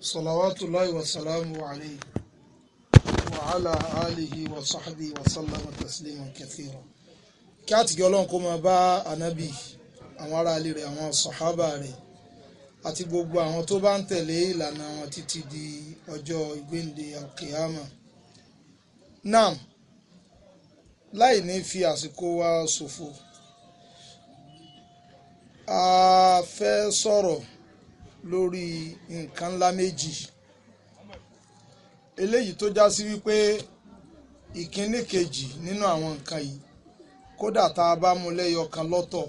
salawatullahi wa salamu alayhi wa ala alihi wa sahbihi wa sallama taslima kathira kí àtìgẹ Ọlọ́run kó máa bá anabi àwọn ará ilé rẹ̀ àwọn sàhábà rẹ̀ àti gbogbo àwọn tó bá ń tẹ̀lé ìlànà wọn títí di ọjọ́ ìgbéǹde alkiyama nam láì ní fi àsìkò wa ṣòfò a fẹ́ sọ̀rọ̀. So lórí nǹkan ńlá méjì eléyìí tó já sí wípé ìkíní kejì nínú àwọn nǹkan yìí kódà tá a bá mú lẹ́yọ kan lọ́tọ̀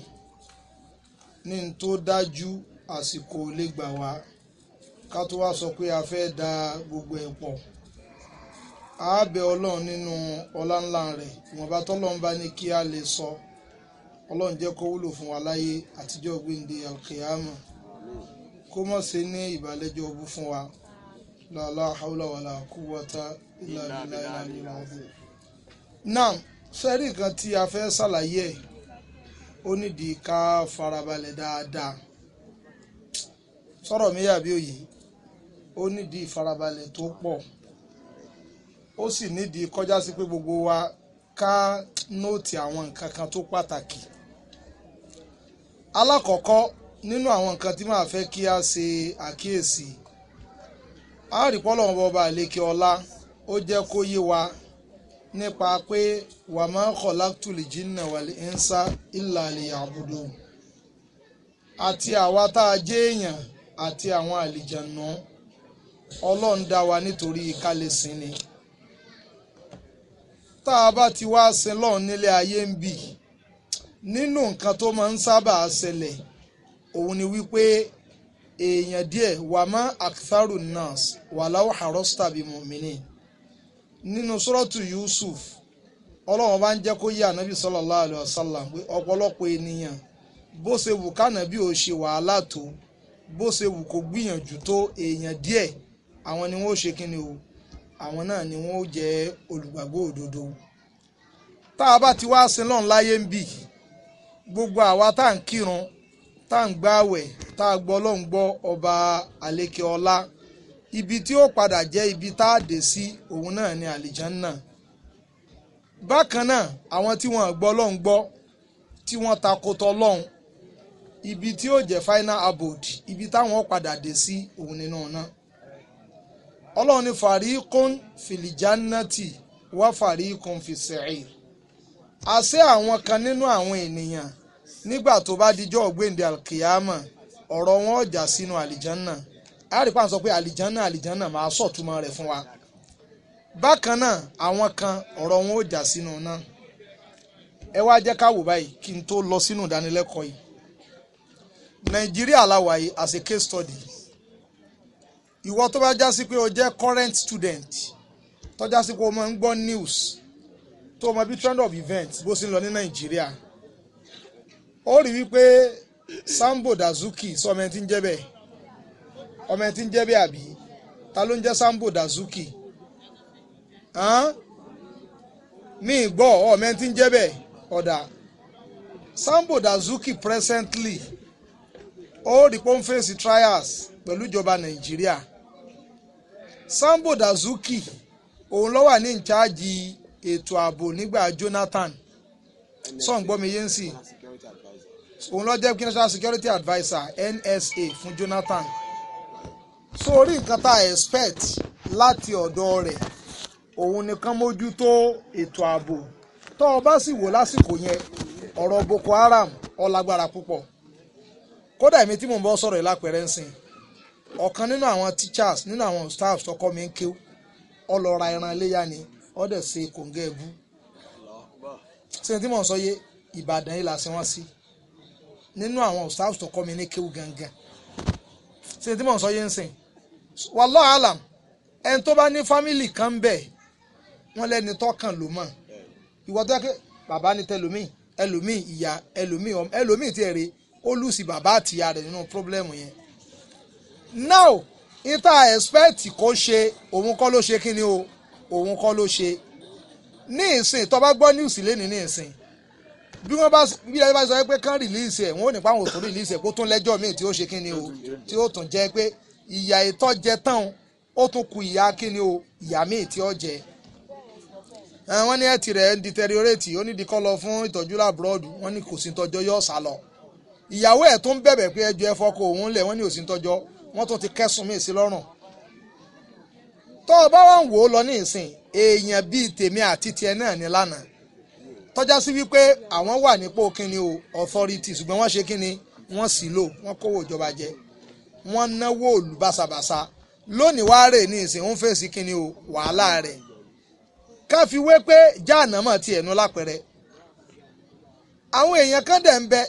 ní n tó dájú àsìkò lè gbà wá ká tó wá sọ pé a fẹ́ da gbogbo ẹ̀ pọ̀ a bẹ ọlọ́run nínú ọlá ńlá rẹ̀ ìwọ̀nba tọ́lọ́run bá ní kí a lè sọ ọlọ́run jẹ́ kó wúlò fún wa láyé àtijọ́ gbéǹde alkiyama. kó mọ̀ sí ní ìbàlẹ́jọ́ ọbú fún wa lọ́la haúláwàlà kú wọ́tá ìlànà ìlànà náà sẹ́rí nǹkan tí a fẹ́ ṣàlàyé ẹ̀ ó nídìí ká farabalẹ̀ dáadáa sọ̀rọ̀ mi yàbí òye ó nídìí ìfarabalẹ̀ tó pọ̀ ó sì nídìí kọjá sí pé gbogbo wa ká nóòtì àwọn nǹkan kan tó pàtàkì alákọ̀ọ́kọ́ nínú àwọn nǹkan tí màá fẹ́ kí a ṣe àkíyèsí a rí pọ́lọ̀ wọn bọba àlékè ọlá ó jẹ́ kó yé wa nípa pé wà máa ń kọ̀ láktùlì jìnnà wàlẹ̀ ẹ̀ńsá ìlà àlè àbúdó àti àwa tá a jẹ́ èèyàn àti àwọn àlìjànà ọlọ́run dá wa nítorí ká lè sìn ni tá a bá ti wá sin lọ́run nílé ayé ń bì nínú nǹkan tó máa ń sábà ṣẹlẹ̀ òun ni wípé èèyàn díẹ̀ wà má aktharu nas walau harasta bi mu'minin nínú suratu Yusuf ọlọ́run bá ń jẹ́ kó yé ànábì sallallahu alaihi wasallam pé ọ̀pọ̀lọpọ̀ ènìyàn bó ṣe wù kánàbí ò ṣe wàhálà tó bó ṣe wù kó gbìyànjú tó èèyàn díẹ̀ àwọn ni wọ́n ó ṣe kíni o àwọn náà ni wọ́n ó jẹ́ olùgbàgbọ́ òdodo tá a bá ti wá sin lọ́run láyé ń bì gbogbo àwa tá à ń kírun tá à ń gbá àwẹ̀ tá a gbọ́ ọlọ́run gbọ́ ọba àlékè ọlá ibi tí ó padà jẹ́ ibi tá a dé sí òun náà ni àlìjánná bákan náà àwọn tí wọ́n gbọ́ ọlọ́run gbọ́ tí wọ́n takotọ́ ọlọ́run ibi tí ó jẹ́ final abode ibi táwọn padà dé sí òun nínú náà ọlọ́run ní fàríkún fìlìjánátì wá fàríkún fìsẹ̀ẹ́ àṣẹ àwọn kan nínú àwọn ènìyàn nígbà tó bá dijọ́ ògbéǹde alkiyama ọ̀rọ̀ wọn ọjà sínú àlìjánà àríkpà sọ pé àlìjánà àlìjánà máa sọ̀túmọ̀ rẹ̀ fún wa bákan náà àwọn kan ọ̀rọ̀ wọn ọjà sínú náà ẹ wá jẹ́ ká wò báyìí kí n tó lọ sínú ìdánilẹ́kọ̀ọ́ yìí nàìjíríà làwà yìí as a case study ìwọ tó bá já sí pé o jẹ́ current student tó já sí pé o máa ń gbọ́ news tó o mọ bí trend of events bó sì ń lọ ní nàìjíríà ó rí wípé Sambo Dazuki sọmọ ẹni tí ń jẹ́ bẹ́ẹ̀ ọmọ ẹni tí ń jẹ́ bẹ́ẹ̀ àbí ta ló ń jẹ́ Sambo Dazuki mi gbọ́ ọmọ ẹni tí ń jẹ́ bẹ́ẹ̀ ọ̀dà Sambo Dazuki presently ó rí pé ó ń fèsì trials pẹ̀lú ìjọba Nàìjíríà Sambo Dazuki òun ló wà ní ìcháàjì ètò ààbò nígbà Jonathan sọ̀ ń gbọ́ mi yé ń sìn òun ló jẹ́ national security adviser NSA fún Jonathan so orí nǹkan tá a expect láti ọ̀dọ̀ rẹ̀ òun nìkan mójútó ètò ààbò tó o bá sì wò lásìkò yẹn ọ̀rọ̀ Boko Haram ó lágbára púpọ̀ kódà èmi tí mò ń bọ́ sọ̀rọ̀ yìí lápẹ̀rẹ̀ ń sìn ọ̀kan nínú àwọn teachers nínú àwọn staff tọkọ mi ń ké ó lọ ra ẹran iléyà ni ó dẹ̀ ṣe kòǹgẹ́ ẹ̀bú ṣé tí mò ń sọ yé Ìbàdàn yìí la ṣe sí. Si nínú àwọn ọ̀sáàsì tó kọ́ mi ní kéwù gangan ṣe tí mò ń sọ yé ń sìn wallahi alam ẹni tó bá ní fámìlì kan bẹ̀ wọ́n lẹ́ni tọ́kàn ló mọ̀ ìwọ tó yẹ kí bàbá ní tẹlómìn ẹlòmíì ìyá ẹlòmíì ọmọ ẹlòmíì tiẹ̀ rè ó lùsì bàbá àti ìyá rẹ̀ nínú pírọ́blẹ́mù yẹn now ìta expect kó ṣe òun kọ́ ló ṣe kí ni o òun kọ́ ló ṣe ní ìsìn tó bá gbọ́ news lẹ́ni ní ìsìn bí wọ́n bá bí ẹ bá sọ pé kán rìlíìsì ẹ̀ wọ́n ò ní pa àwọn òtún rìlíìsì ẹ̀ kó tún lẹ́jọ́ míì tí ó ṣe kí ni o tí ó tún jẹ́ pé ìyà ìtọ́ jẹ tán ó tún ku ìyà kí ni o ìyà míì tí ó jẹ. wọ́n ní ẹ̀tì rẹ̀ ń deteriorate ó ní di kọ́ lọ fún ìtọ́jú lábúrọ́ọ̀dù wọ́n ní kò sí tọjọ́ yóò sá lọ. ìyàwó ẹ̀ tó ń bẹ̀bẹ̀ pé ẹjọ́ ẹ fọkọ òun lẹ̀ wọ́n ní òsì tọjọ́ wọ́n tún ti kẹ́sùn míì sí lọ́rùn. tó o bá wọn wò ó lọ ní ìsìn èèyàn bíi tèmi àti tiẹ̀ náà ní lánàá tọ́já sí wípé àwọn wà nípò kíni o authority ṣùgbọ́n wọ́n ṣe kíni wọ́n sì lò wọ́n kówó ìjọba jẹ wọ́n náwó òlù bàṣàbàṣà lónìí wàá rè ní ìsìn ń fèsì kíni o wàhálà rẹ̀ ká fi wé pé jáànámọ̀ ti ẹ̀nu lápẹ̀rẹ̀ àwọn èèyàn kan dẹ̀ ń bẹ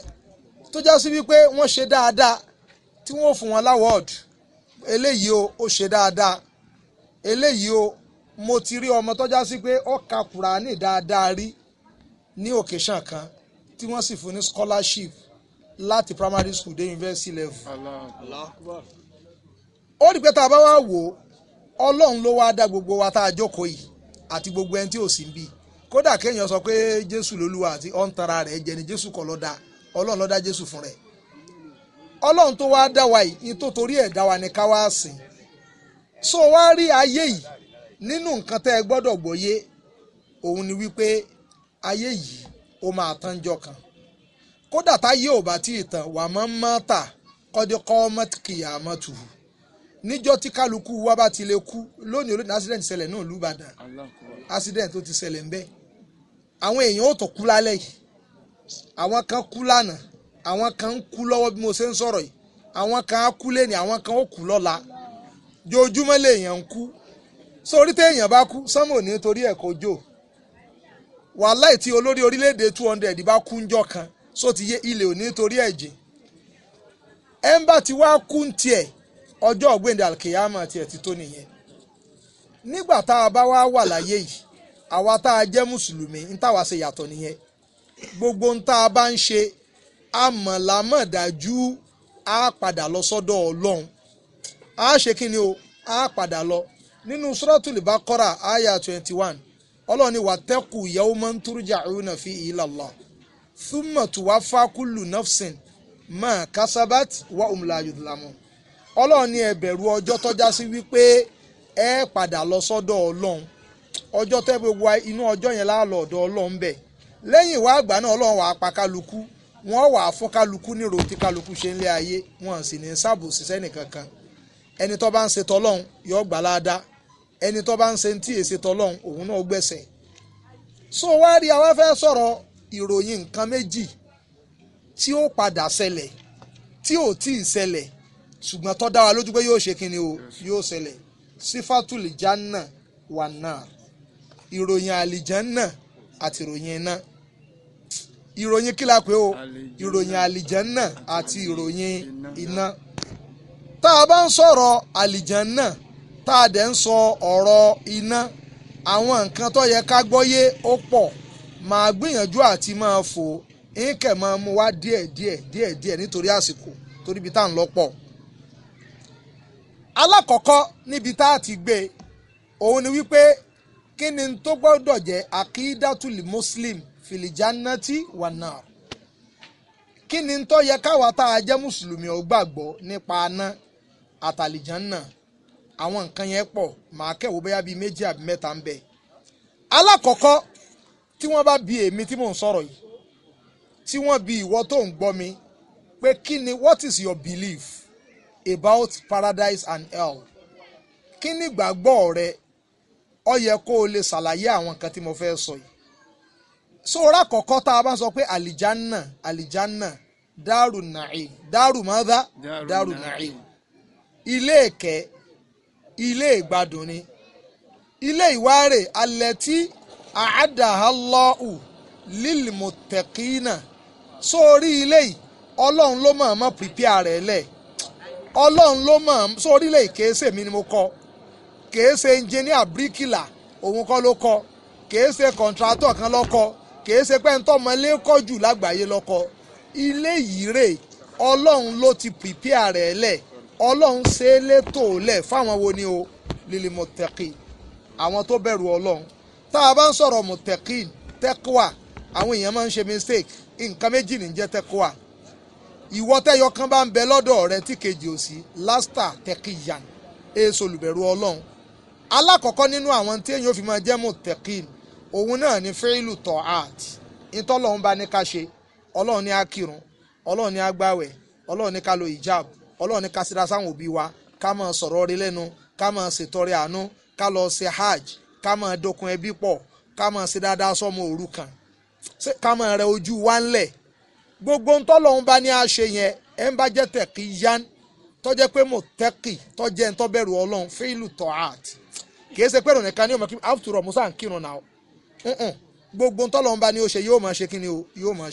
tó sí wípé wọ́n ṣe dáadáa tí wọ́n fún wọn láwọ́ọ̀dù eléyìí o ó ṣe dáadáa eléyìí o mo ti rí ọmọ tó sí pé ó ka kùránì dáadáa rí ní occasion kan tí wọ́n sì fún ní scholarship láti primary school dé university level. ó rí pé tá a bá wá wò ó ọlọ́run ló wáá dá gbogbo wa tá a jókòó yìí àti gbogbo ẹni tí ò sí ń bí kódà kéèyàn sọ pé jésù lolúwa àti ọ̀ǹtara rẹ̀ jẹ́ ni jésù kọ́ ló dá ọlọ́run ló dá jésù fún rẹ̀ ọlọ́run tó wáá dá wa yìí tó torí ẹ̀ dá wa ni ká wá sìn so wá rí ayé yìí nínú nǹkan tẹ́ ẹ gbọ́dọ̀ gbọ́yé òun ni wípé ayé yìí ó máa tán jọ kan kódà táyé ò bá tí ì tán wà mọ́ mọ́ tà kọ́díkọ́ mọ́tìkìyà mọ́tù níjọ́ tí kálukú wa bá ti lè kú lónìí olóòtú accident ṣẹlẹ̀ náà lùbàdàn accident tó ti ṣẹlẹ̀ ńbẹ́ àwọn èèyàn ò tó kú lálẹ́ yìí àwọn kan kú lánàá àwọn kan ń kú lọ́wọ́ bí mo ṣe ń sọ̀rọ̀ yìí àwọn kan á kú lẹ́ni àwọn kan ó kú lọ́la jojúmọ́ lèèyàn ń kú sórí téèyàn bá kú sánmọ̀ ní torí ẹ̀ jò wàhálà tí olórí orílẹ̀-èdè two bá kan só ti yé ilé òní torí ẹ̀jẹ̀ ẹ̀ńbà tí wàá kú ń tiẹ̀ ọjọ́ alkiyama ti tó nìyẹn nígbà tá a bá wá wà láyé yìí àwa tá a jẹ́ mùsùlùmí ń ṣe yàtọ̀ nìyẹn gbogbo ń tá a bá ń ṣe á padà lọ sọ́dọ̀ ọlọ́run á ṣe kí ni o ọlọ́run ni wàtẹ́kù yawman turja'una fi ila Allah thumma tuwaffa kullu nafsin ma kasabat wa hum la yudlamun ọlọ́run ni ẹ bẹ̀rù ọjọ́ tọ́já sí wípé ẹ padà lọ sọ́dọ̀ ọlọ́run ọjọ́ tẹ́ gbogbo inú ọjọ́ yẹn láàlọ́ ọ̀dọ̀ ọlọ́run bẹ̀ lẹ́yìn ìwà àgbà náà ọlọ́run wàá pa kálukú wọ́n wàá fún kálukú nírò tí kálukú ṣe ń lé ayé wọn sì ní sábò ṣiṣẹ́ nìkankan ẹni tó bá ń ṣe tọ́lọ́run yóò gbà ládàá ẹni tó bá ń ṣe tí èsì tọlọ́hún òun náà gbẹ̀sẹ̀ so wá rí àwa fẹ́ sọ̀rọ̀ ìròyìn nǹkan méjì tí ó padà ṣẹlẹ̀ tí ò tí ì ṣẹlẹ̀ ṣùgbọ́n tó dá wa lójú pé yóò ṣe kíni o yóò ṣẹlẹ̀ sífàtúlì jánà wà náà ìròyìn àlìjánà àti ìròyìn iná ìròyìn kí la pè o ìròyìn àlìjánà àti ìròyìn iná tá a bá ń sọ̀rọ̀ àlìjánà tá a dẹ̀ ń sọ ọ̀rọ̀ iná àwọn nǹkan tó yẹ ká gbọ́yé ó pọ̀ màá gbìyànjú àti máa fò ínkẹ̀ máa mú wá díẹ̀ díẹ̀ díẹ̀ díẹ̀ nítorí àsìkò torí ibi tá à ń lọ alákọ̀ọ́kọ́ níbi tá a ti gbé e, òun ni wípé kí ni tó gbọ́dọ̀ jẹ́ àkídátùlì muslim fìlìjánátì wànà kí ni tó yẹ káwa tá a jẹ́ mùsùlùmí ó gbàgbọ́ nípa aná àtàlìjánná àwọn nǹkan yẹn pọ̀ màá kẹ̀wò bóyá bíi méjì àbí mẹ́ta ń bẹ. alákọ̀ọ́kọ́ tí wọ́n bá bi èmi tí mò ń sọ̀rọ̀ yìí tí wọ́n bi ìwọ tó ń gbọ́ mi pé kí ni what is your belief about paradise and hell kí ni ìgbàgbọ́ rẹ ó yẹ kó o lè ṣàlàyé àwọn nǹkan tí mo fẹ́ sọ yìí. sóra kọ̀ọ̀kọ́ tá a bá sọ pé àlìjánà àlìjánà dáàrú nàìm dáàrú mọ́dá dáàrú nàìm ilé ìkẹ́ ilé ìgbádùn ni ilé ìwárè alẹ́tí àádáhàlọ́hù lílmùtẹ̀kínà sórí ilé yìí ọlọ́run ló pípíà rẹ̀ lẹ̀ ọlọ́run ló sórí ilé ni mo kọ́ kèé ṣe bíríkìlà òun kọ́ ló ṣe kan ṣe pẹ́ńtọ́ lágbàáyé lọ́kọ́ ilé yìí rè ọlọ́run ti pípíà rẹ̀ lẹ̀ ọlọ́run ṣe é létò lẹ̀ fáwọn wo ni o lílì mọ̀tẹ́kì àwọn tó bẹ̀rù ọlọ́run tá a bá ń sọ̀rọ̀ mọ̀tẹ́kì tẹ́kùwà àwọn èèyàn máa ń ṣe mistake nǹkan méjì ní jẹ́ tẹ́kùwà ìwọ tẹ́yọ kan bá ń bẹ lọ́dọ̀ rẹ tí kejì ò sí lásìtà tẹ́kìyàn èso olùbẹ̀rù ọlọ́run alákọ̀ọ́kọ́ nínú àwọn tí èèyàn fi máa jẹ́ mọ̀tẹ́kìn òun náà ni fíìlù tọ̀ art ìtọ́lọ́run bá ní ká ṣe ọlọ́run ní á ọlọ́run ní á ọlọ́run ní ká lo hijab ọlọ́run ní ká sáwọn òbí wa ká máa sọ̀rọ̀ rí lẹ́nu ká máa àánú ká lọ ṣe hajj ká máa dokun ẹbí pọ̀ ká máa ṣe dáadáa sọ́mọ kan ká máa rẹ ojú wa ńlẹ̀ gbogbo ń tọ́lọ́run bá ní àṣe yẹn ẹ̀ ń bá jẹ́ tẹ̀kí yán tọ́jẹ́ pé mo tẹ́kì tọ́jẹ́ ń tọ́bẹ̀rù ọlọ́run fílù tọ́ ṣe musa ń gbogbo ń tọ́lọ́run bá ní ó ṣe yóò máa ṣe kí yóò máa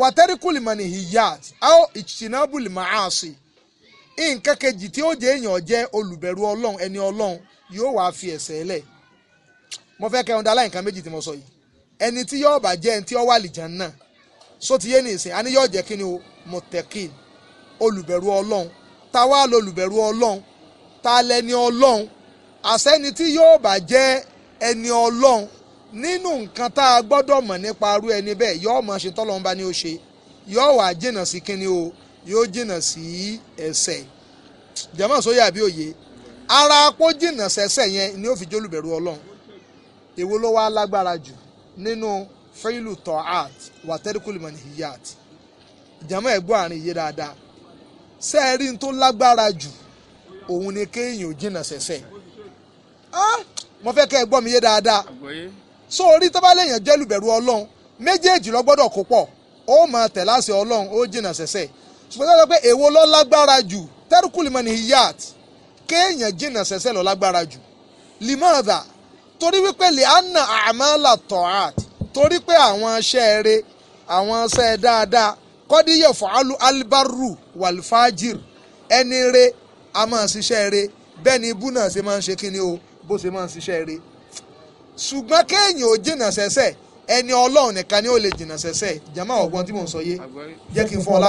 wàtẹ́ríkù lìmọ̀nì hiyat áó ìtìsínábù lìmọ̀áàsì nǹkan kejì tí ó jẹ́ èèyàn jẹ́ olùbẹ̀rù ọlọ́run ẹni ọlọ́run yóò wá fi ẹ̀sẹ̀ lẹ̀ mo fẹ́ kẹ́ ọ̀dà láì nǹkan méjì tí mo sọ yìí ẹni tí yóò bá jẹ́ ẹni tí ó wà lìjàn náà só ti yé ní ìsìn àní yóò jẹ́ kí ni o mọ̀tẹ́kìn olùbẹ̀rù ọlọ́run ta wá lolùbẹ̀rù ọlọ́run ta lẹni ọlọ́run àṣẹ́ni tí yóò bá jẹ́ ẹni ọlọ́run nínú nǹkan tá a gbọ́dọ̀ mọ̀ nípa arú ẹni bẹ́ẹ̀ yóò mọ̀ ṣe tọ́lọ́run bá ní ó ṣe yóò wá jìnnà sí kínní o yóò jìnnà sí ẹ̀ṣẹ̀ jẹ́mọ̀ sóyè àbí òye ara kó jìnnà sẹ́ṣẹ̀ yẹn ni ó fi jólùbẹ̀rù ọlọ́run èwo ló wá lágbára jù nínú fílù tọ́hát wàtẹ́rìkùlùmọ̀nì hiyat jẹ́mọ̀ ẹ̀gbọ́n àárín iye dáadáa sẹ́ẹ̀rí tó lágbára jù òun ni kéèyàn jìnnà sẹ́ṣẹ̀ mo fẹ́ kẹ́ ẹ gbọ́ mi yé dáadáa so orí tó bá lèèyàn jẹ́ lùbẹ̀rù ọlọ́run méjèèjì lọ gbọ́dọ̀ kó pọ̀ ó máa tẹ̀ láṣẹ ọlọ́run ó jìnnà sẹ́sẹ́ ṣùgbọ́n sọ́dọ̀ pé èwo ló lágbára jù tẹ́rùkùlìmọ̀ ni hiyat kéèyàn jìnnà sẹ́sẹ́ lọ lágbára jù limọ́ọ̀dà torí wípé liana amala tọ́hát torí pé àwọn aṣẹ́ eré àwọn aṣẹ́ dáadáa kọ́díyẹ̀ fọ́álù alibaru wàlfàjìr ẹni eré a máa ṣiṣẹ́ eré bẹ́ẹ̀ ni ibú náà ṣe máa ń ṣe kíni o bó ṣe máa ń ṣiṣẹ́ eré ṣùgbọ́n kéèyàn ò jìnnà sẹ́sẹ́ ẹni ọlọ́run nìkan ni ó lè jìnnà sẹ́sẹ́ jama ọgbọ́n tí mò ń sọ yé jẹ́ kí n fún ọ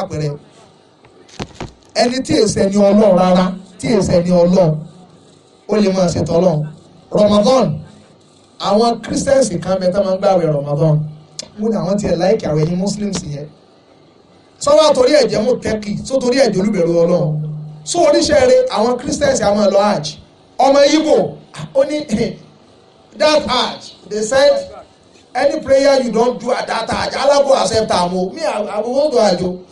ẹni tí èsẹ̀ ni ọlọ́run rárá tí èsẹ̀ ni ọlọ́run ó lè máa ṣètò ọlọ́run Ramadan àwọn Christians kan mẹ́ta máa ń gbààwẹ̀ Ramadan mo ní àwọn tiẹ̀ láìkì àwẹ̀ ní Muslims yẹn sọ́wọ́ àtòrí ẹ̀jẹ̀ mú tẹ́kì sótórí ẹ̀jẹ̀ olúbẹ̀rù ọlọ́run sọ oríṣẹ́ rẹ àwọn Christians àwọn lọ hajj ọmọ Igbo ó ní that Hajj they said any prayer you don do at that Hajj Allah go accept am o me I I go do Hajj o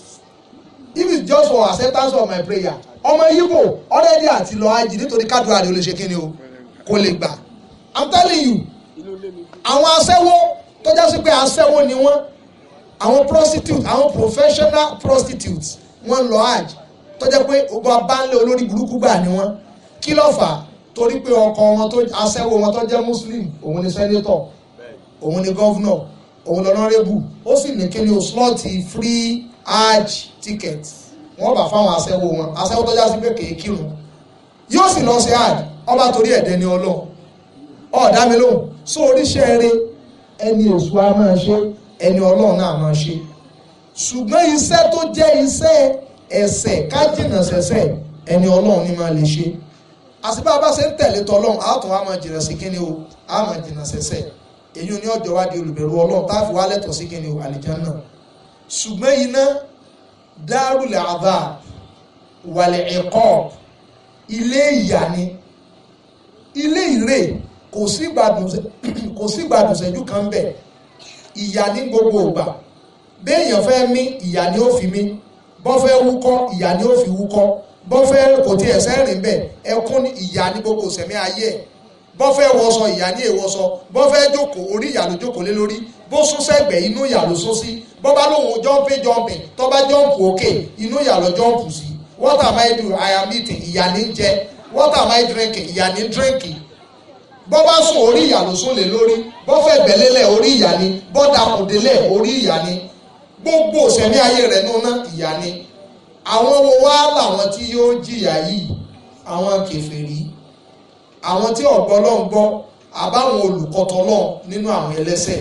if it's just for acceptance of my prayer ọmọ Igbo already àti lọ Hajj nítorí kádùá rẹ̀ ó lè ṣe kíni o kò lè gbà I'm telling you àwọn aṣẹ́wó tó já sí pé aṣẹ́wó ni wọ́n àwọn prostitute àwọn professional prostitutes wọ́n lọ Hajj tó jẹ́ pé ogun abánlé olórí burúkú gbà ni wọ́n kí ló fà á torí pé ọkọ wọn tó aṣẹ́wó wọn tó jẹ́ muslim òun ni sẹ́nétọ̀ òun ni gọ́vnà òun lọ́nàrẹ́bù ó sì ní kí ni o slọ́ọ̀tì free hajj ticket wọ́n bá fáwọn aṣẹ́wó wọn aṣẹ́wó tó já sí pé kèé kírun yóò sì lọ sí hajj ọba torí ẹ̀dẹ́ ni ọlọ́run ọ̀dá mi lóhùn só oríṣẹ́ eré ẹni èṣù a máa ṣe ẹni ọlọ́run náà máa ṣe ṣùgbọ́n iṣẹ́ tó jẹ́ iṣẹ́ ẹ̀ṣẹ̀ ká jìnnà ẹni ọlọ́run ni máa lè ṣe àsìbá bá ṣe ń tẹ̀lé tọlọ́run a tún wá máa jìnnà sí kíni o a máa jìnnà sẹ́sẹ̀ èyí ò ní ọjọ́ wá di olùbẹ̀rù ọlọ́run tá a fi wá lẹ́tọ̀ sí kíni o àlìjánnà ṣùgbọ́n iná dárul adhab wal iqab ilé ìyà ni ilé ìrè kò sí gbádùn ṣẹ́jú kan ń bẹ ní gbogbo ìgbà béèyàn fẹ́ mí ìyà ni ó fi mí bọ́ wúkọ́ ìyà ni ó fi wúkọ́ bọ́fẹ́ kò tí ẹ̀sẹ̀ rìn bẹ́ẹ̀ ẹkún ìyà ní gbogbo sẹ̀mí ayé ẹ̀ bọ́fẹ́ wọṣọ ìyà ní èwọṣọ bọ́fẹ́ jókòó orí ìyà ló jókòó lé lórí bó sún sẹ́gbẹ̀ inú ìyà ló sún sí bọ́bá lòun jọ́ǹpé jọ́ǹpì tọ́ba jọ́ǹpù òkè inú ìyà ló jọ́ǹpù sí what am I doing I am eating ìyà ní jẹ what am I drinking ìyà ní drinking bọ́bá sùn orí ìyà ló sún lé lórí bọ́fẹ́ gbẹ̀lélẹ̀ orí ìyà ní bọ́dà kùdélẹ̀ orí ìyà ní gbogbo sẹ̀mí ayé rẹ̀ nù ná ìyà ni àwọn wo wá làwọn tí yóò jìyà yìí àwọn kèfèrí àwọn tí ọ̀gbọ́n náà ń gbọ́ àbáwọn olùkọ́tọ̀ náà nínú àwọn ẹlẹ́sẹ̀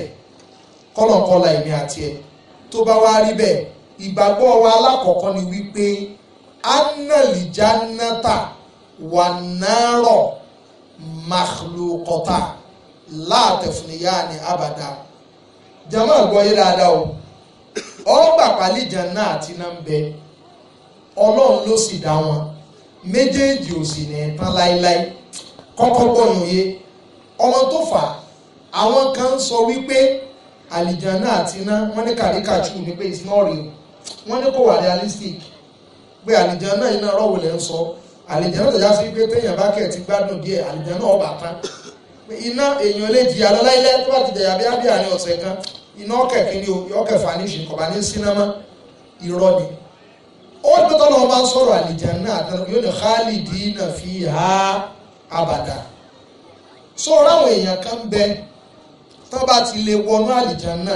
kọ́lọ̀kọ́lá èmi àti ẹ̀ tó bá wá rí bẹ́ẹ̀ ìgbàgbọ́ wa alákọ̀ọ́kọ́ ni wípé annalijanata wà nárọ̀ makhlukọta látẹ̀fúnìyá ni abada jama gbọ́ yé dáadáa o ọgbà pálíjà náà ti náà ọlọ́run ló sì dá wọn méjèèjì ò sì ní tán láéláé kọ́kọ́ gbọ́nu yé ọmọ tó fà àwọn kan sọ wípé àlìjáná àti iná wọ́n ní kàríkàtù ní pé it's not real wọ́n ní kò wà realistic pé àlìjáná iná rọ̀wò lẹ́ ń sọ àlìjáná tẹ̀já sí pé téèyàn bá kẹ̀ ti gbádùn díẹ̀ àlìjáná ọba tán iná èèyàn lè jìyà lọ láìlẹ́ tó bá ti jẹ̀yà bí ábíà ní ọ̀sẹ̀ kan iná ọ̀kẹ̀ kiri o yọ̀ọ̀kẹ̀ fà ní ìṣìkọ̀bà ní sínámà irọ́ ni ó ní pẹ́tọ́ lọ́wọ́ bá ń sọ̀rọ̀ àlìjáná àtàlù yóò ní khalidina fiha abada sọ̀rọ̀ àwọn èèyàn kan bẹ tó bá ti lè wọnú àlìjáná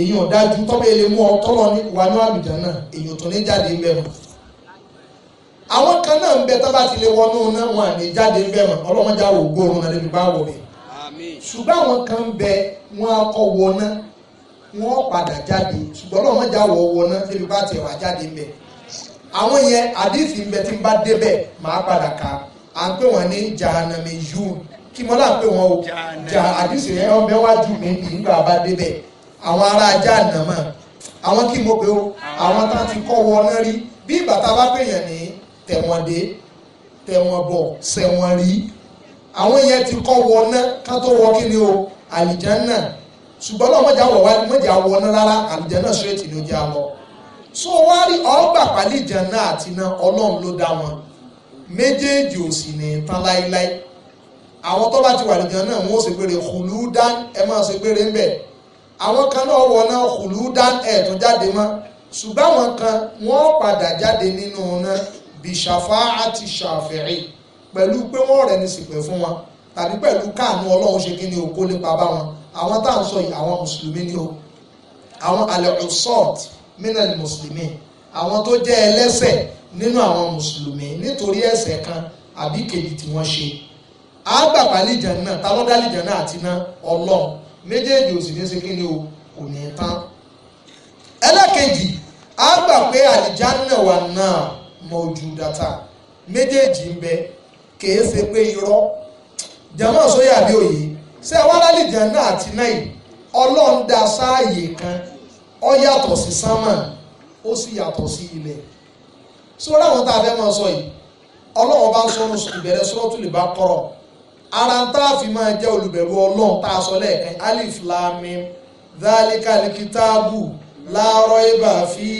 èyàn ọ̀dájú tọ́bẹ̀ ilé mú ọtọ́lọ́ ní wọnú àlìjáná èyàn tó ní jáde ń bẹ̀rù àwọn kan náà ń bẹ tó bá ti lè wọnú náà wọn àní jáde ń bẹ̀rù ọlọ́mọdé àwọn ògbó orun náà lè fi bá wọ̀ bẹ̀ ṣùgbọ́n àwọn kan ń bẹ wọn akọ wọ náà wọ́n padà jáde ṣùgbọ́n náà wọ́n já wọ̀ọ̀wọ̀ náà débi bá tiẹ̀ wá jáde mbẹ̀ àwọn yẹn àdìsí mbẹ tí n bá débẹ̀ máa padà ka à ń pè wọ́n ní jahanami yun kí mo náà pè wọ́n o ja àdìsí yẹn wọ́n bẹ́ wájú mi nígbà bá débẹ̀ àwọn ará jahanama àwọn kí mo pè o àwọn tá ti kọ́ wọ náà rí bí bàtà bá pèèyàn ní tẹ̀wọ̀n dé tẹ̀wọ̀n bọ̀ sẹ̀wọ̀n rí àwọn yẹn ti kọ́ wọ náà ká tó kí ni o àlìjánnà náà ṣùgbọ́n náà mọ̀jà wọ̀ wáyé mọ̀jà wọ̀ ọ́nà rárá àlùjánnà straight ni ó jẹ́ àwọ̀ so wá rí ọgbà pálí ìjànà àti iná ọlọ́run ló dá wọn méjèèjì ò sì ní tán láéláé àwọn tó bá ti wà lójú náà wọn ò sì péré khuludan ẹ máa ṣe péré ń bẹ̀ àwọn kan náà wọ̀ náà khuludan ẹ̀ tó jáde mọ́ ṣùgbọ́n àwọn kan wọ́n padà jáde nínú náà bìṣàfà àti ṣàfẹ̀rẹ̀ pẹ̀lú pé wọ́n rẹ̀ ní sìpẹ̀ fún wọn tàbí pẹ̀lú káànú ọlọ́run ṣe kí ni òkó nípa bá àwọn tá à ń sọ yìí àwọn mùsùlùmí ni o àwọn al-usat minal muslimin àwọn tó jẹ́ ẹlẹ́ṣẹ̀ nínú àwọn mùsùlùmí nítorí ẹ̀ṣẹ̀ kan àbí kejì tí wọ́n ṣe àgbàpá lìjàn náà táwọn dá náà àti náà ọlọ́run méjèèjì ò sì ní ṣe kí ni o kò ní tán ẹlẹ́kejì a gbà pé àlìjánà wà náà mọ ojú data méjèèjì ń bẹ kìí ṣe pé irọ́ jàmọ́ sóyè àbí òye ṣé wàá lálejò náà àti náà ọlọ́run dá sáàyè kan ó yàtọ̀ sí sánmà ó sì yàtọ̀ sí ilẹ̀ sọ́ra àwọn tá a fẹ́ máa sọ yìí ọlọ́run bá ń sọnù ìbẹ̀rẹ̀ sọ́ọ́tù lè bá kọ́rọ̀ ara ń tá a fi máa jẹ́ olùbẹ̀rù ọlọ́run tá a sọ lẹ́ẹ̀kan alif lami dhalikal kitabu la raiba fi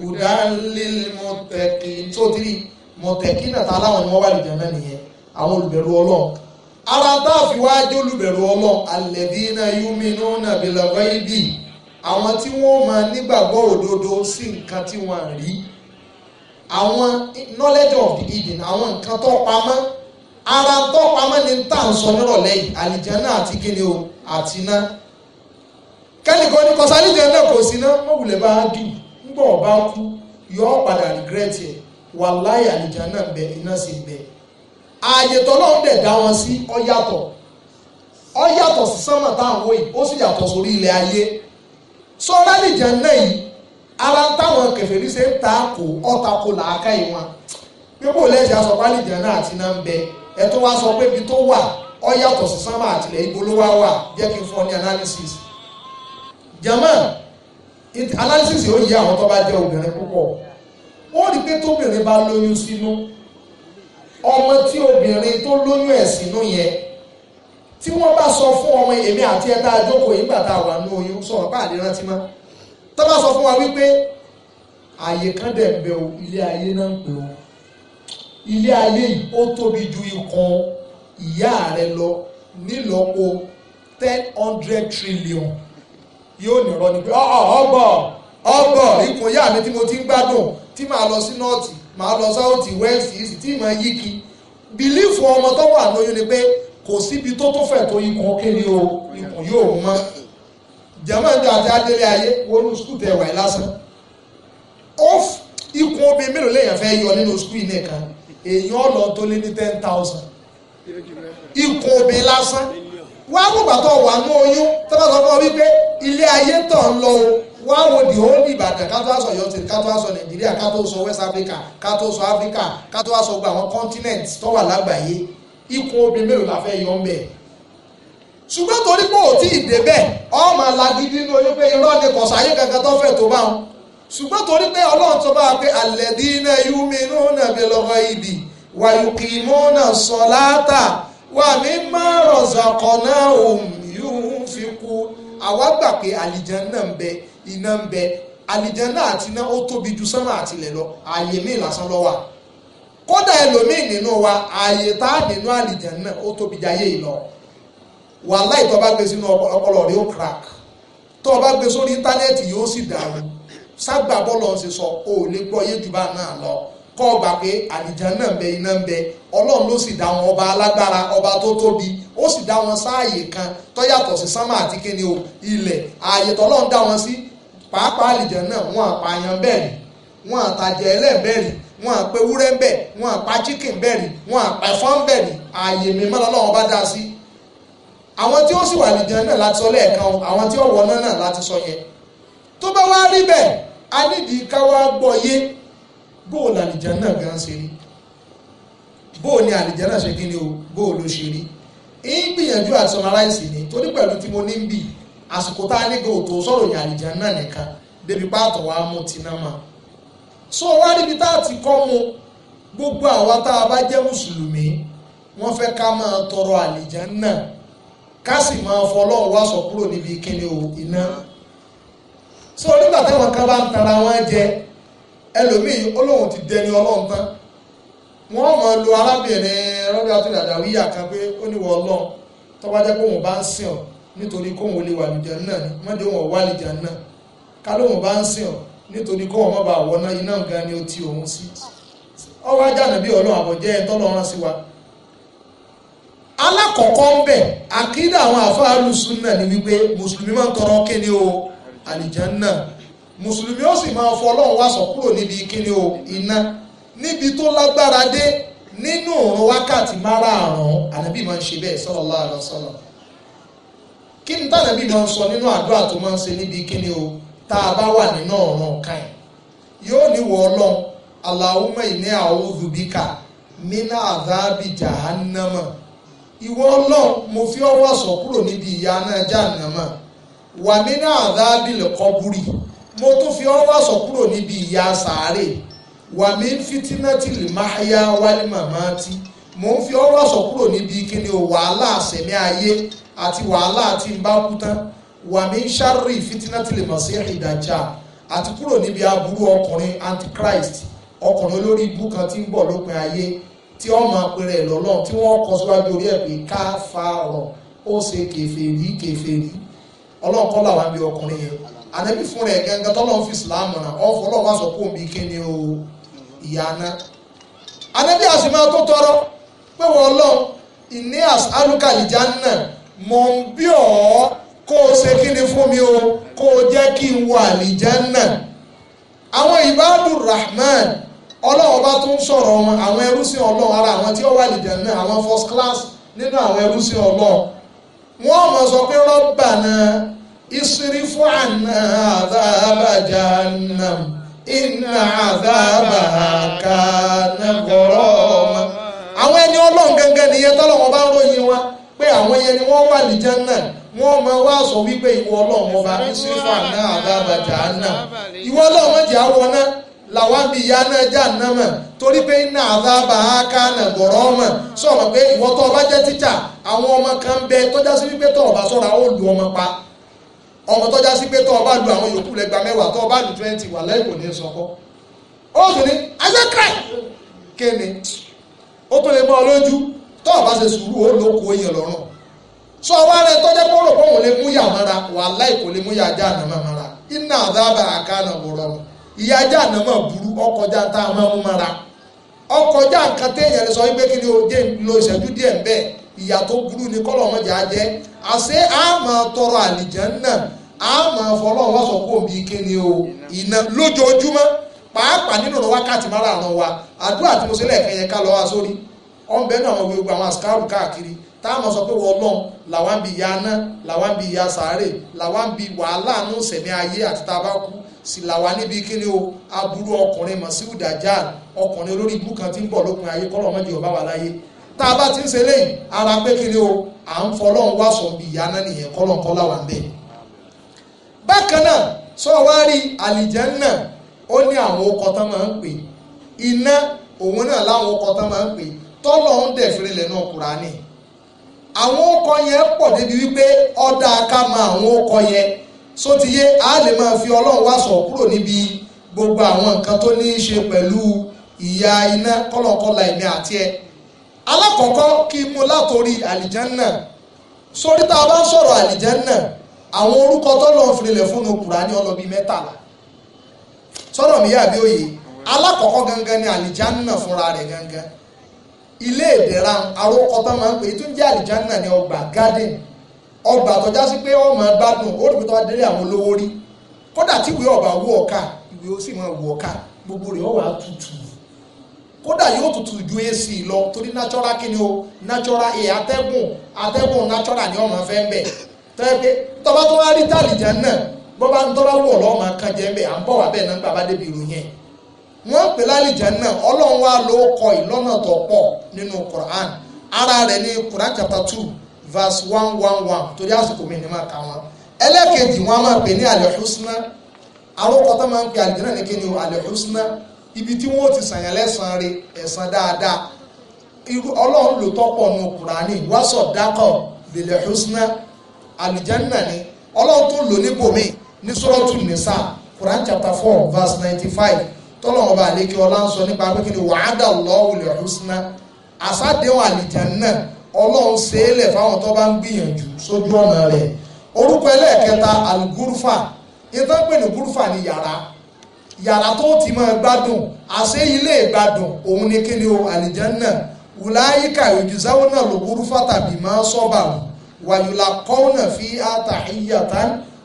hudan lil muttaqin tó tiri mọ̀tẹ́kì náà tá a láwọn ni wọ́n wà lùjẹ́ náà nìyẹn àwọn olùbẹ̀rù ọlọ́run ara tá a fi alẹ́dínà yúmínú nàbìlọ́gọ́ ibi àwọn tí wọ́n máa nígbàgbọ́ òdodo sí nǹkan tí wọ́n rí àwọn knowledge of the hidden àwọn nǹkan tó ara tó ni nta ń sọ nírọ̀lẹ́ yìí àlìjáná àti kíni o àti ní kò sí bá dì ńgbọ̀ bá kú yọ ọ́ padà regret ẹ̀ wàláyà ààyè náà dẹ̀ dá wọn sí ó yàtọ̀ ó yàtọ̀ sánmà táwọn wòye ó sì yàtọ̀ sórí ilẹ̀ ayé sọ́ra náà yìí ara táwọn kèfèrí ṣe ń ta kò ọ̀ta kò làákà yìí wọn pé lẹ́sẹ̀ aṣọ pálí ìjà náà àti náà ń bẹ sọ pé ibi tó wà ó yàtọ̀ sánmà àtìlẹ̀ ibo ló wá wà jẹ́ kí n jama ọmọ tí obìnrin tó lóyún ẹ̀ sínú yẹn tí wọ́n bá sọ fún ọmọ èmi àti ẹ̀ta àjókòó yìí gbà wà ní oyún sọ̀rọ̀ bá àlè rántí mọ́ tó bá sọ fún wa wípé àyè kan dẹ̀ ń bẹ o ilé ayé náà ń pè o ilé ayé yìí ó tóbi ju ikọ̀ ìyá rẹ lọ nílọ́po ten hundred trillion yóò nìrọ̀ ni pé ọ̀ọ́ ọgbọ̀ ọgbọ̀ ikùn ìyá mi tí mo ti ń gbádùn tí màá lọ sí nọ́ọ̀tì màá lọ sáwọ́tì west east tí màá yí kí bìlífù ọmọ tó wà lóyún ni pé kò síbi tó tó fẹ̀ tó ikùn kéde o ikùn yóò mọ́ jẹ́mọ̀jọ àti adélé ayé wọnú skul tẹ̀ wáyé lásán off ikùn obìnrin mélòó lèèyàn fẹ́ yọ nínú skul yìí nìkan èèyàn lọ tó lé ní ten thousand ikùn obìnrin lásán wọ́n á gbọ́gbà tó wà ní oyún tọ́lá sọ fún ọ wípé ilé ayé tàn lọ o wá wo the whole Ìbàdàn ká tó wá sọ Ọ̀yọ́ state wá sọ Nàìjíríà ká sọ West Africa ká tó sọ Africa ká tó wá sọ gbogbo àwọn continent tó wà lágbàáyé ikùn obìnrin mélòó la fẹ́ yọ ń bẹ̀ ṣùgbọ́n torí pé ò tí ì débẹ̀ ọmọ alágídí ní oyún pé irọ́ ni kò sáyé kankan tó fẹ́ tó bá wọn ṣùgbọ́n torí pé ọlọ́run tó bá wa pé alladina yu'minuna bil ghaibi wa yuqimuna salata wa mimma razaqnahum yunfiqu àwa gbà pé àlìjànnà ń bẹ iná ń bẹ àlìjẹ́nà àti iná ó tóbi ju sánmà àtìlẹ̀ lọ ààyè míì lásán ló wà kódà ẹlòmíì nínú wa ààyè tá a nínú àlìjẹ́nà ó tóbi jayé ìlọ wàláì tó bá gbé sínú ọpọlọ rẹ ó crack tó bá gbé sórí íńtánẹ́ẹ̀tì yóò sì dàrú ságbà bọ́ọ̀lù ọ̀sẹ̀ sọ o ò lè gbọ́ yéjú bá náà lọ kọ́ ọgbà pé àlìjẹ́nà ń bẹ iná ń bẹ ọlọ́run ló sì dá wọn ọba alágbára ọba tó tóbi ó sì dá wọn sáàyè kan tó yàtọ̀ sí sánmà àti kíni o ilẹ̀ ààyè tọ́lọ́run dá wọn sí pàápàá àlìjẹ́ náà wọ́n àpààyàn bẹ́ẹ̀ ni wọ́n àtàjẹ́ ẹlẹ́ẹ̀bẹ́ẹ̀ ni wọ́n àpẹ wúrẹ́ bẹ́ẹ̀ wọ́n àpá chicken bẹ́ẹ̀ ni wọ́n àpẹ fọ́n bẹ́ẹ̀ ni ààyè mi mọ́ lọ́wọ́ bá dá sí. àwọn tí ó sì wà àlìjẹ́ náà láti sọ lẹ́ẹ̀kan àwọn tí ó wọ náà láti sọ yẹn. tó bá wá rí bẹ́ẹ̀ a nídìí ká wá gbọ́ yé bóòlù àlìjẹ́ náà gan ṣe rí bóòlù ni àlìjẹ́ náà ṣe kí ni o bóòlù ló ṣe rí ń àti sọmaráìsì ni torí pẹ̀lú tí mo ní ń bì í àsìkò tá a nígbà òtò sọ̀rọ̀ ìyá àlìjẹ́ náà nìkan débi pààtọ̀ wa mú tiná mọ́ so wá níbi tá a ti kọ́ mu gbogbo àwa tá a bá jẹ́ mùsùlùmí wọ́n fẹ́ ká máa tọrọ àlìjẹ́ náà ká sì máa fọlọ́run wá sọ kúrò níbi kíni o iná so nígbà táwọn kan bá ń tara wọn jẹ ẹlòmíì olóhùn ti dẹni ọlọ́run tán wọ́n mọ̀ lo arábìnrin rọ́bìnrin àti dàdàwíyà kan pé ó ní wọ́n ọlọ́run tó pé òun bá ń sìn ọ́ nítorí kóhun olè wà lùjẹ́ náà ni mọ́jọ wọn wà lùjẹ́ náà ká lóhun bá ń sìn ọ́ nítorí kóhun má bàa wọ́ná iná gan ni ó ti òun sí ọwọ́ ajá nàbí ọlọ́run àbọ̀jẹ́ ẹ̀ tọ́lọ́ rán sí wa. alákọ̀ọ́kọ́ ń bẹ̀ àkídà àwọn àfáàlù súnà ni wípé mùsùlùmí máa ń tọrọ kíni o àlìjẹ́ náà mùsùlùmí ó sì máa fọ ọlọ́run wá sọ kúrò níbi kíni o iná níbi tó lágbára dé nínú òun wákàtí márààrún ànábì máa ń ṣe bẹ́ẹ̀ sallallahu alaihi wasallam kí ni táwọn ẹbí máa ń sọ nínú àdúrà tó máa ń ṣe níbi kíni o tá a bá wà nínú ọ̀ràn kan yóò ní wọ aláwùmọ̀ ìní a'udhu bika mina àdábì jahannama ìwọ ọlọ́run mo fi ọwọ́ sọ kúrò níbi ìyà náà jahannama wà mina àdábì lẹ́kọ́búrì mo tún fi ọwọ́ sọ kúrò níbi ìyà sàárè wà mí fitinati lè máa yá wálé màmá tí. mo ń fi ọ̀rọ̀ sọ kúrò níbi kíni o wàhálà àsẹ̀mí ayé àti wàhálà àti ń bá kú tán wàmí sáré fitinatil masih ìdájà àti kúrò níbi aburú ọkùnrin antichrist ọkùnrin olórí ibú kan tí ń bọ̀ lópin ayé tí wọ́n máa pèrè ẹ̀ lọ́lọ́run tí wọ́n kọ síwájú orí ẹ̀ pé ká fa ọ̀rọ̀ ó ṣe o ìyá náà ànábì àṣìmọ́ tó pé wọ́n lọ ìní alukàlìjà náà mọ̀ ń bí ọ̀ kó o ṣe kí ni fún mi o kó o jẹ́ kí n wọ àlìjẹ́ náà àwọn ìbáàdù rahman ọlọ́run bá tún sọ̀rọ̀ wọn àwọn ẹrúsìn ọlọ́run ara àwọn tí ó wà àlìjẹ́ náà àwọn first class nínú àwọn ẹrúsìn ọlọ́run wọ́n mọ̀ sọ pé rọ́bà náà ìṣirí fún àná àdábàjá náà iná àdábàká náà gbọ́rọ̀ àwọn ẹni ọlọ́run gangan nìyẹn tọ́lọ́wọ́n bá ń ròyìn wa pé àwọn yẹn ni wọ́n wà ní Jannah wọ́n máa wá sọ wípé ìwọ ọlọ́run ọba sífà náà àbábàjá náà ìwọ ọlọ́run mọ̀jà wọ náà làwọn bí ìyá náà já náà mọ̀ torí pé iná àzábà áká náà gbọ̀rọ̀ ọmọ sọ̀rọ̀ pé ìwọ tó ọba jẹ́ tíjà àwọn ọmọ kan bẹ tọ́já sí wípé tó ọba sọ́ra ó lu ọmọ pa ọmọ tọ́já sí pé tó ọba lu àwọn yòókù lẹ́gbàá mẹ́wàá tó ọba lu twenty wà lẹ́yìn kò ní sọ́kọ́ ó sì ní azẹ́kẹ́ kéne ọ tó o bá ṣe sùúrù ó ló kó yẹ lọ́rùn sọ wá rẹ tọ́jẹ́ kó rò lè mú yà kò lè mú yà ajá iná àdábà ìyá ajá burú ọkọjá tá a máa mú ọkọjá nǹkan téèyàn lè sọ wípé kí ni o jẹ́ lo ìṣẹ́jú díẹ̀ ń bẹ́ẹ̀ ìyà tó burú ni kọ́lọ̀ ọmọdé ajẹ́ àṣé a máa pàápàá nínú ọ̀rọ̀ wákàtí márààrún wa àdúrà tí mo ṣe lẹ́ẹ̀kan yẹn ká lọ wá sórí ọ̀nbẹ náà wọ́n gbogbo àwọn àsìkárù káàkiri táwọn sọ pé wọ́n lọ́n làwọn ń bi ìyà aná làwọn ń bi ìyà sàárè làwọn ń bi wàhálà nù sẹ̀mí ayé àti tábà kú sì làwọn níbi kíni o aburú ọkùnrin Masiu Dajjal ọkùnrin olórí ibú kan ti ń bọ̀ lópin ayé kọ́lọ̀ a bá ti ń ṣe léyìn ara pé kíni o à ń bákan náà sọ wá rí àlìjẹ́ náà ó ní àwọn ọkọ̀ tán máa ń pè iná òun náà láwọn ọkọ̀ tán máa ń pè tọ́lọ̀ ń dẹ̀ fi rinlẹ̀ náà Kùránì àwọn ọkọ̀ yẹn pọ̀ débi wípé ọ̀dà ká mọ àwọn ọkọ̀ yẹn sótìyé a lè máa fi Ọlọ́run wá sọ̀ kúrò níbi gbogbo àwọn nǹkan tó ní í ṣe pẹ̀lú ìyà iná kọ́lọ̀kọ́lá ẹ̀mí àti ẹ̀ alákọ̀ọ́kọ́ kí mú látòrí àlìjánná sórí tá a bá sọ̀rọ̀ àlìjánná àwọn orúkọ tó lọ́n fi rinlẹ̀ fún un ọlọ́bí mẹ́tàlá sọ́rọ̀ mi yà bí òye alákọ̀ọ́kọ́ gangan ni àlìjánà fúnra rẹ̀ gangan ilé ìdẹ̀ra arókọ tó máa ń pè é tún jẹ́ àlìjánà ní ọgbà garden ọgbà àtọ́já sí pé ọmọ gbádùn ó tó délé àwọn ọba wú ọ̀ka ìwé ó sì máa wú gbogbo rẹ̀ tutù kódà ju ac lọ torí natural kíni o natural atẹ́gùn natural ni ọmọ fẹ́ pé wá rí bọba ń tọ́lá wọ̀ kan jẹ́ bẹ́ẹ̀ à ń bọ̀ débi pè lálìjẹ́ náà ọlọ́run wá ló kọ ìlọ́nà tó pọ̀ nínú Quran ara ní Quran chapter two verse one one one torí àsìkò mi ni máa kà wọn a máa pè ní alẹ́húsínà máa ibi tí ti lẹ́sàn-án ẹ̀sán dáadáa irú ló Quran dákọ̀ lẹ́lẹ́húsínà ọlọ́run ní sọ́rọ́tù nìsa Quran chapter four verse ninety five tọ́lọ̀ ọba àlékè ọlá ń sọ nípa pé kí ni wàhádà lọ́wọ́ lè húsínà àsádéhùn àlìjánná ọlọ́run ṣe é lẹ̀ fáwọn tó bá ń gbìyànjú sójú ọ̀nà rẹ̀ orúkọ ẹlẹ́ẹ̀kẹta àlùgúrúfà ìtàn pè ní gúrúfà ní yàrá yàrá tó ti máa gbádùn àṣé ilé ìgbádùn òun ni kí ni o àlìjánná wùláyíkà ìjùzáwó náà lògúrúfà tàbí máa sọ́bà wàyùlà kọ́ọ̀nà fi àtàhíyàtà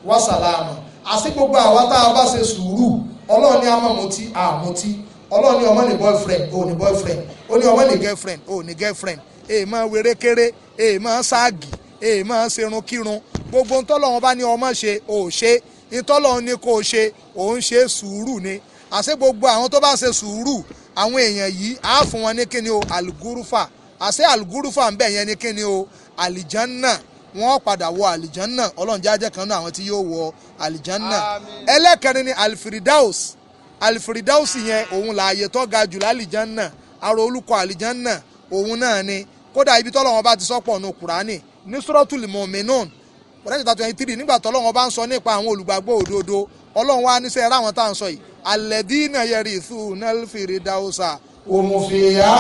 wàsálàmù àti gbogbo àwa tá a bá ṣe sùúrù ọlọ́run ní àmọ́ mutí àmutí ọlọ́run ní ọmọ ní boyfriend ò ní boyfriend ó ní ọmọ ní girlfriend ò ní girlfriend èè e máa werékéré èè e máa ságì èè e máa serunkírun gbogbo ntọ́lọ́run bá ní ọmọ ṣe ò ṣe ntọ́lọ́run ní kò ṣe òun ṣe sùúrù ni àṣẹ gbogbo àwọn tó bá ṣe sùúrù àwọn èèyàn yìí á fún wọn ní kíni o àlùgúrúfà àṣẹ àlùgúrúfà ń bẹ̀ yẹn ní kíni o àlìjánná wọ́n padà wọ àlìjánná ọlọ́run jájẹ́ kan náà àwọn tí yóò wọ àlìjánná ẹlẹ́kẹrin ni alfiridaus alfiridaus yẹn òun lààyè tó ga jù lálìjánná aró olùkọ́ àlìjánná òun náà ni kódà ibi tọ́lọ́wọ́n bá ti sọ́pọ̀ nù kùránì ní suratul mu'minun pọ̀lẹ́sìtà twenty three nígbà tọ́lọ́wọ́n bá ń sọ nípa àwọn olùgbàgbọ́ òdodo ọlọ́run wá níṣẹ́ ráwọn tá à ń sọ yìí alladina yarithuna alfiridausa òmùfìyà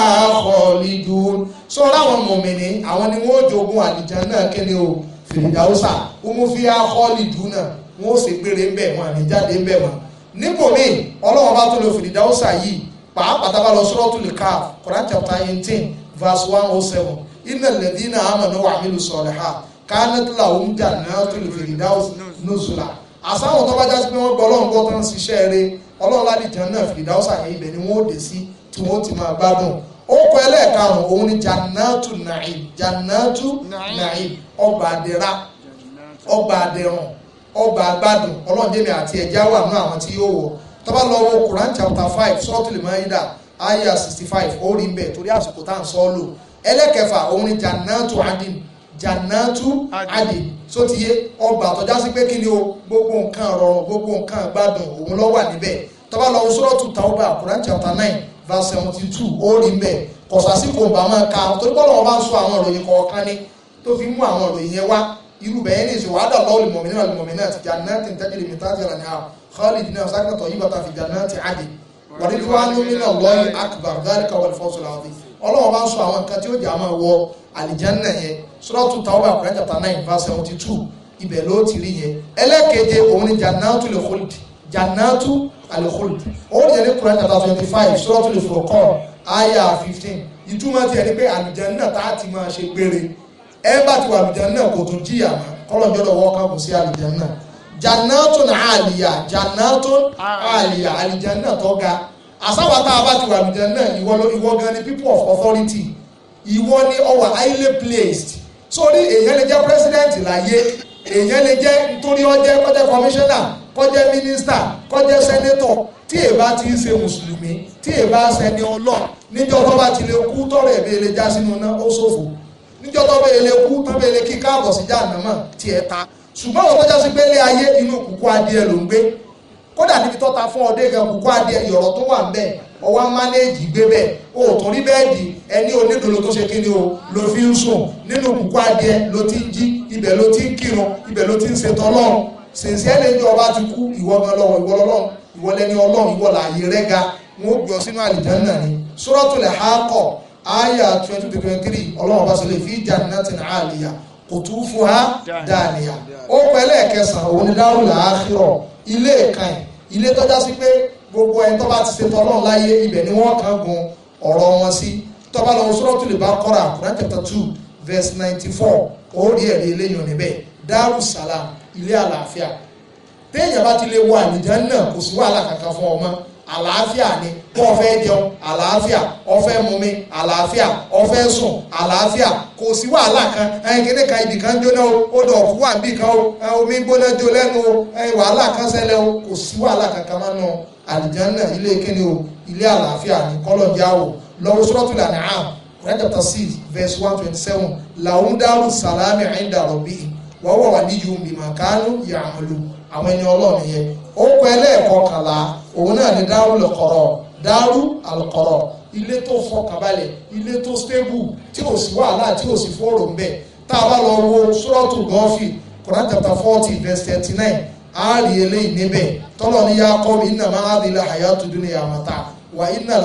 khalidun sọ́ra àwọn mọ̀mìnì àwọn ni wọ́n jogún àdìjàn náà kéde o fìdáwùsà òmùfìyà khalidun náà wọ́n sì gbére ń bẹ̀ wọn àníjáde ń bẹ̀ wọn níbòmí ọlọ́run bá tó lo fìdáwùsà yìí pàápàá tábà lọ suratul Kahf Quran chapter eighteen verse one oh seven innal ladhina amanu wa amilu salihat kanat lahum jannatul firdaus nuzula àsáwọn tó bá jásí pé wọ́n gbọ́ ọlọ́run gbọ́ tán ṣiṣẹ́ rẹ̀ ọlọ́run ládìjàn náà fìdáwùsà yìí ibẹ̀ ni wọ́n ó dé sí tí wọ́n ti máa gbádùn ó kọ ẹlẹ́ẹ̀karùn òun ni jannatu na'im jannatu na'im ọgbà àdẹ̀ra ọgbà àdẹ̀rùn ọgbà àgbàdùn ọlọ́ọ̀dẹ́mi àti ẹ̀já wà nú àwọn tí yóò wọ̀ tó lọ wo Quran chapter five sọ́ọ̀tù lè ayah sixty five ó rí mbẹ̀ torí àsìkò tá à ń sọ ọ́ lò ẹlẹ́kẹfà òun ni jannatu adin jannatu adin só ti yé ọgbà àtọ́já sí pé kí ni o gbogbo nǹkan rọrùn gbogbo nǹkan gbádùn òun ló wà níbẹ̀ tó lọ wo sọ́ọ̀tù Tawbah Quran chapter nine verse seventy two ó rí bẹ́ẹ̀ kọ̀sásìkò bá máa ka torí bọ́lá wọn bá ń sọ àwọn ìròyìn kọ̀ọ̀kan ni tó fi mú àwọn ìròyìn yẹn wá irú bẹ́ẹ̀ ní ìṣòwò àdà lọ́wọ́ lìmọ̀mí náà lìmọ̀mí náà ti jàǹdà tí ń tẹ́jú lèmi tájì rẹ̀ ní àwọn khalid náà sákàtọ̀ yìí bàtà fi jàǹdà ti àdì wàlúwà lómi náà lọ́yìn akbar dárìkà wal fawzul azim ọlọ́wọ́ bá ń sọ àwọn nǹkan tí ó jẹ́ àmọ́ wọ àlìjánná yẹn suratu tawba àkùrẹ́ chapter nine verse seventy two ibẹ̀ ló ti rí yẹn ẹlẹ́keje òun ni jannatu lè hold jannatu alukul òun yẹn ní Quran chapter twenty five Suratul Furqan aya fifteen ìtumọ̀ tiẹ̀ ni pé àlùjánnà tá a ti máa ṣe gbére ẹ bá ti wà àlùjánnà kò tún jìyà mọ́ kọ́lọ́njọ́dọ̀ wọ́ọ́kà kò sí àlùjánnà jannatun aliya jannatun aliya àlùjánnà tó ga àsáwà tá a bá ti wà àlùjánnà ìwọ ló ìwọ gan ni people of authority ìwọ ni ọwà highly placed sórí èèyàn lè jẹ́ president láyé èèyàn lè jẹ́ nítorí ó jẹ́ commissioner kó minister kó jẹ́ sẹ́nétọ̀ tí èbá ti ń ṣe mùsùlùmí tí èbá sẹni ọlọ́ọ̀ níjọ́ tó bá ti lè kú tọ́rọ̀ ẹ̀bẹ̀ lè já sínú náà ó ṣòfò níjọ́ tó bẹ́ẹ̀ lè kú tó bẹ́ẹ̀ lè kí káàbọ̀ sí jáàmù tí ẹ ta ṣùgbọ́n wọ́n tọ́já sí pé ilé ayé inú kùkú adìẹ ló ń gbé kódà níbi tó ta fún ọdẹ gan kùkú adìẹ ìyọ̀rọ̀ tó wà ń bẹ̀ ọwọ́ mánéèjì gbé bẹ́ẹ̀ o ò tún rí bẹ́ẹ̀dì ẹni onídòló tó ṣe kíni o ló fi ń sùn nínú kùkú adìẹ ló ti ń jí ibẹ̀ ló ti ń kírun ibẹ̀ ló ti ń ṣe tọ́lọ́run sèǹsẹ́ lè ní ọba ti kú ìwọ gan lọ́wọ́ ìwọ lọ́lọ́run ìwọ lẹ́ni ọlọ́run ìwọ làyè rẹ ga wọn ó gbọ́ sínú àlìjánná ni suratul Haqa àyà twenty to twenty three ọlọ́run ọba sọlẹ̀ fi jannatin àlìyà ha daniya ó pẹ́lẹ́ kẹsàn-án òun ni dárul akhira ilé ìkànnì ilé tọ́já sí pé gbogbo ẹni tó bá ti ṣe tọ́lọ́run láyé ibẹ̀ ni wọ́n kàn gun ọ̀rọ̀ wọn sí tọ́ba lọ suratul Baqara Quran chapter two verse ninety four ó rí ẹ̀rí eléyìí ò ní bẹ́ẹ̀ salam ilé àlàáfíà téèyàn bá ti lè wọ àlìjẹ́ náà kò sí wàhálà kankan fún ọmọ àlàáfíà ni kó o fẹ́ jẹun àlàáfíà o fẹ́ mumi àlàáfíà o fẹ́ sùn àlàáfíà kò sí wàhálà kan ẹnìkéde kan ibì kan jóná o odò ọ̀kú wà bì kan o omi gbóná jó lẹ́nu o wàhálà kan ṣẹlẹ̀ o kò sí wàhálà kankan máa nù àlìjẹ́ náà ilé kíni o ilé àlàáfíà ni kọ́lọ́jà o lọ́wọ́ sọ́tù lànà àm Quran chapter six verse one twenty seven làwọn dárú sàlámì ẹ̀ ń bíi wọ́wọ́ wà ní yìí mímọ̀ kánú yàmùlù àwọn ẹni ọlọ́run yẹn ó kọ ẹlẹ́ẹ̀kọkànlá òun náà ní dárú lọ́kọ̀rọ̀ dárú àlùkọ̀rọ̀ ilé tó fọkànbalẹ̀ ilé tó stable tí ò sí wàhálà tí ò sí fóòrò ń bẹ tá a bá lọ wo sọ́ọ̀tù gọ́ọ̀fì Quran chapter forty verse thirty nine àárí eléyìí níbẹ̀ tọ́lọ̀ ní yá kọ́ mi iná máa ń lè àyà tó dún ní àmọ́ta wà iná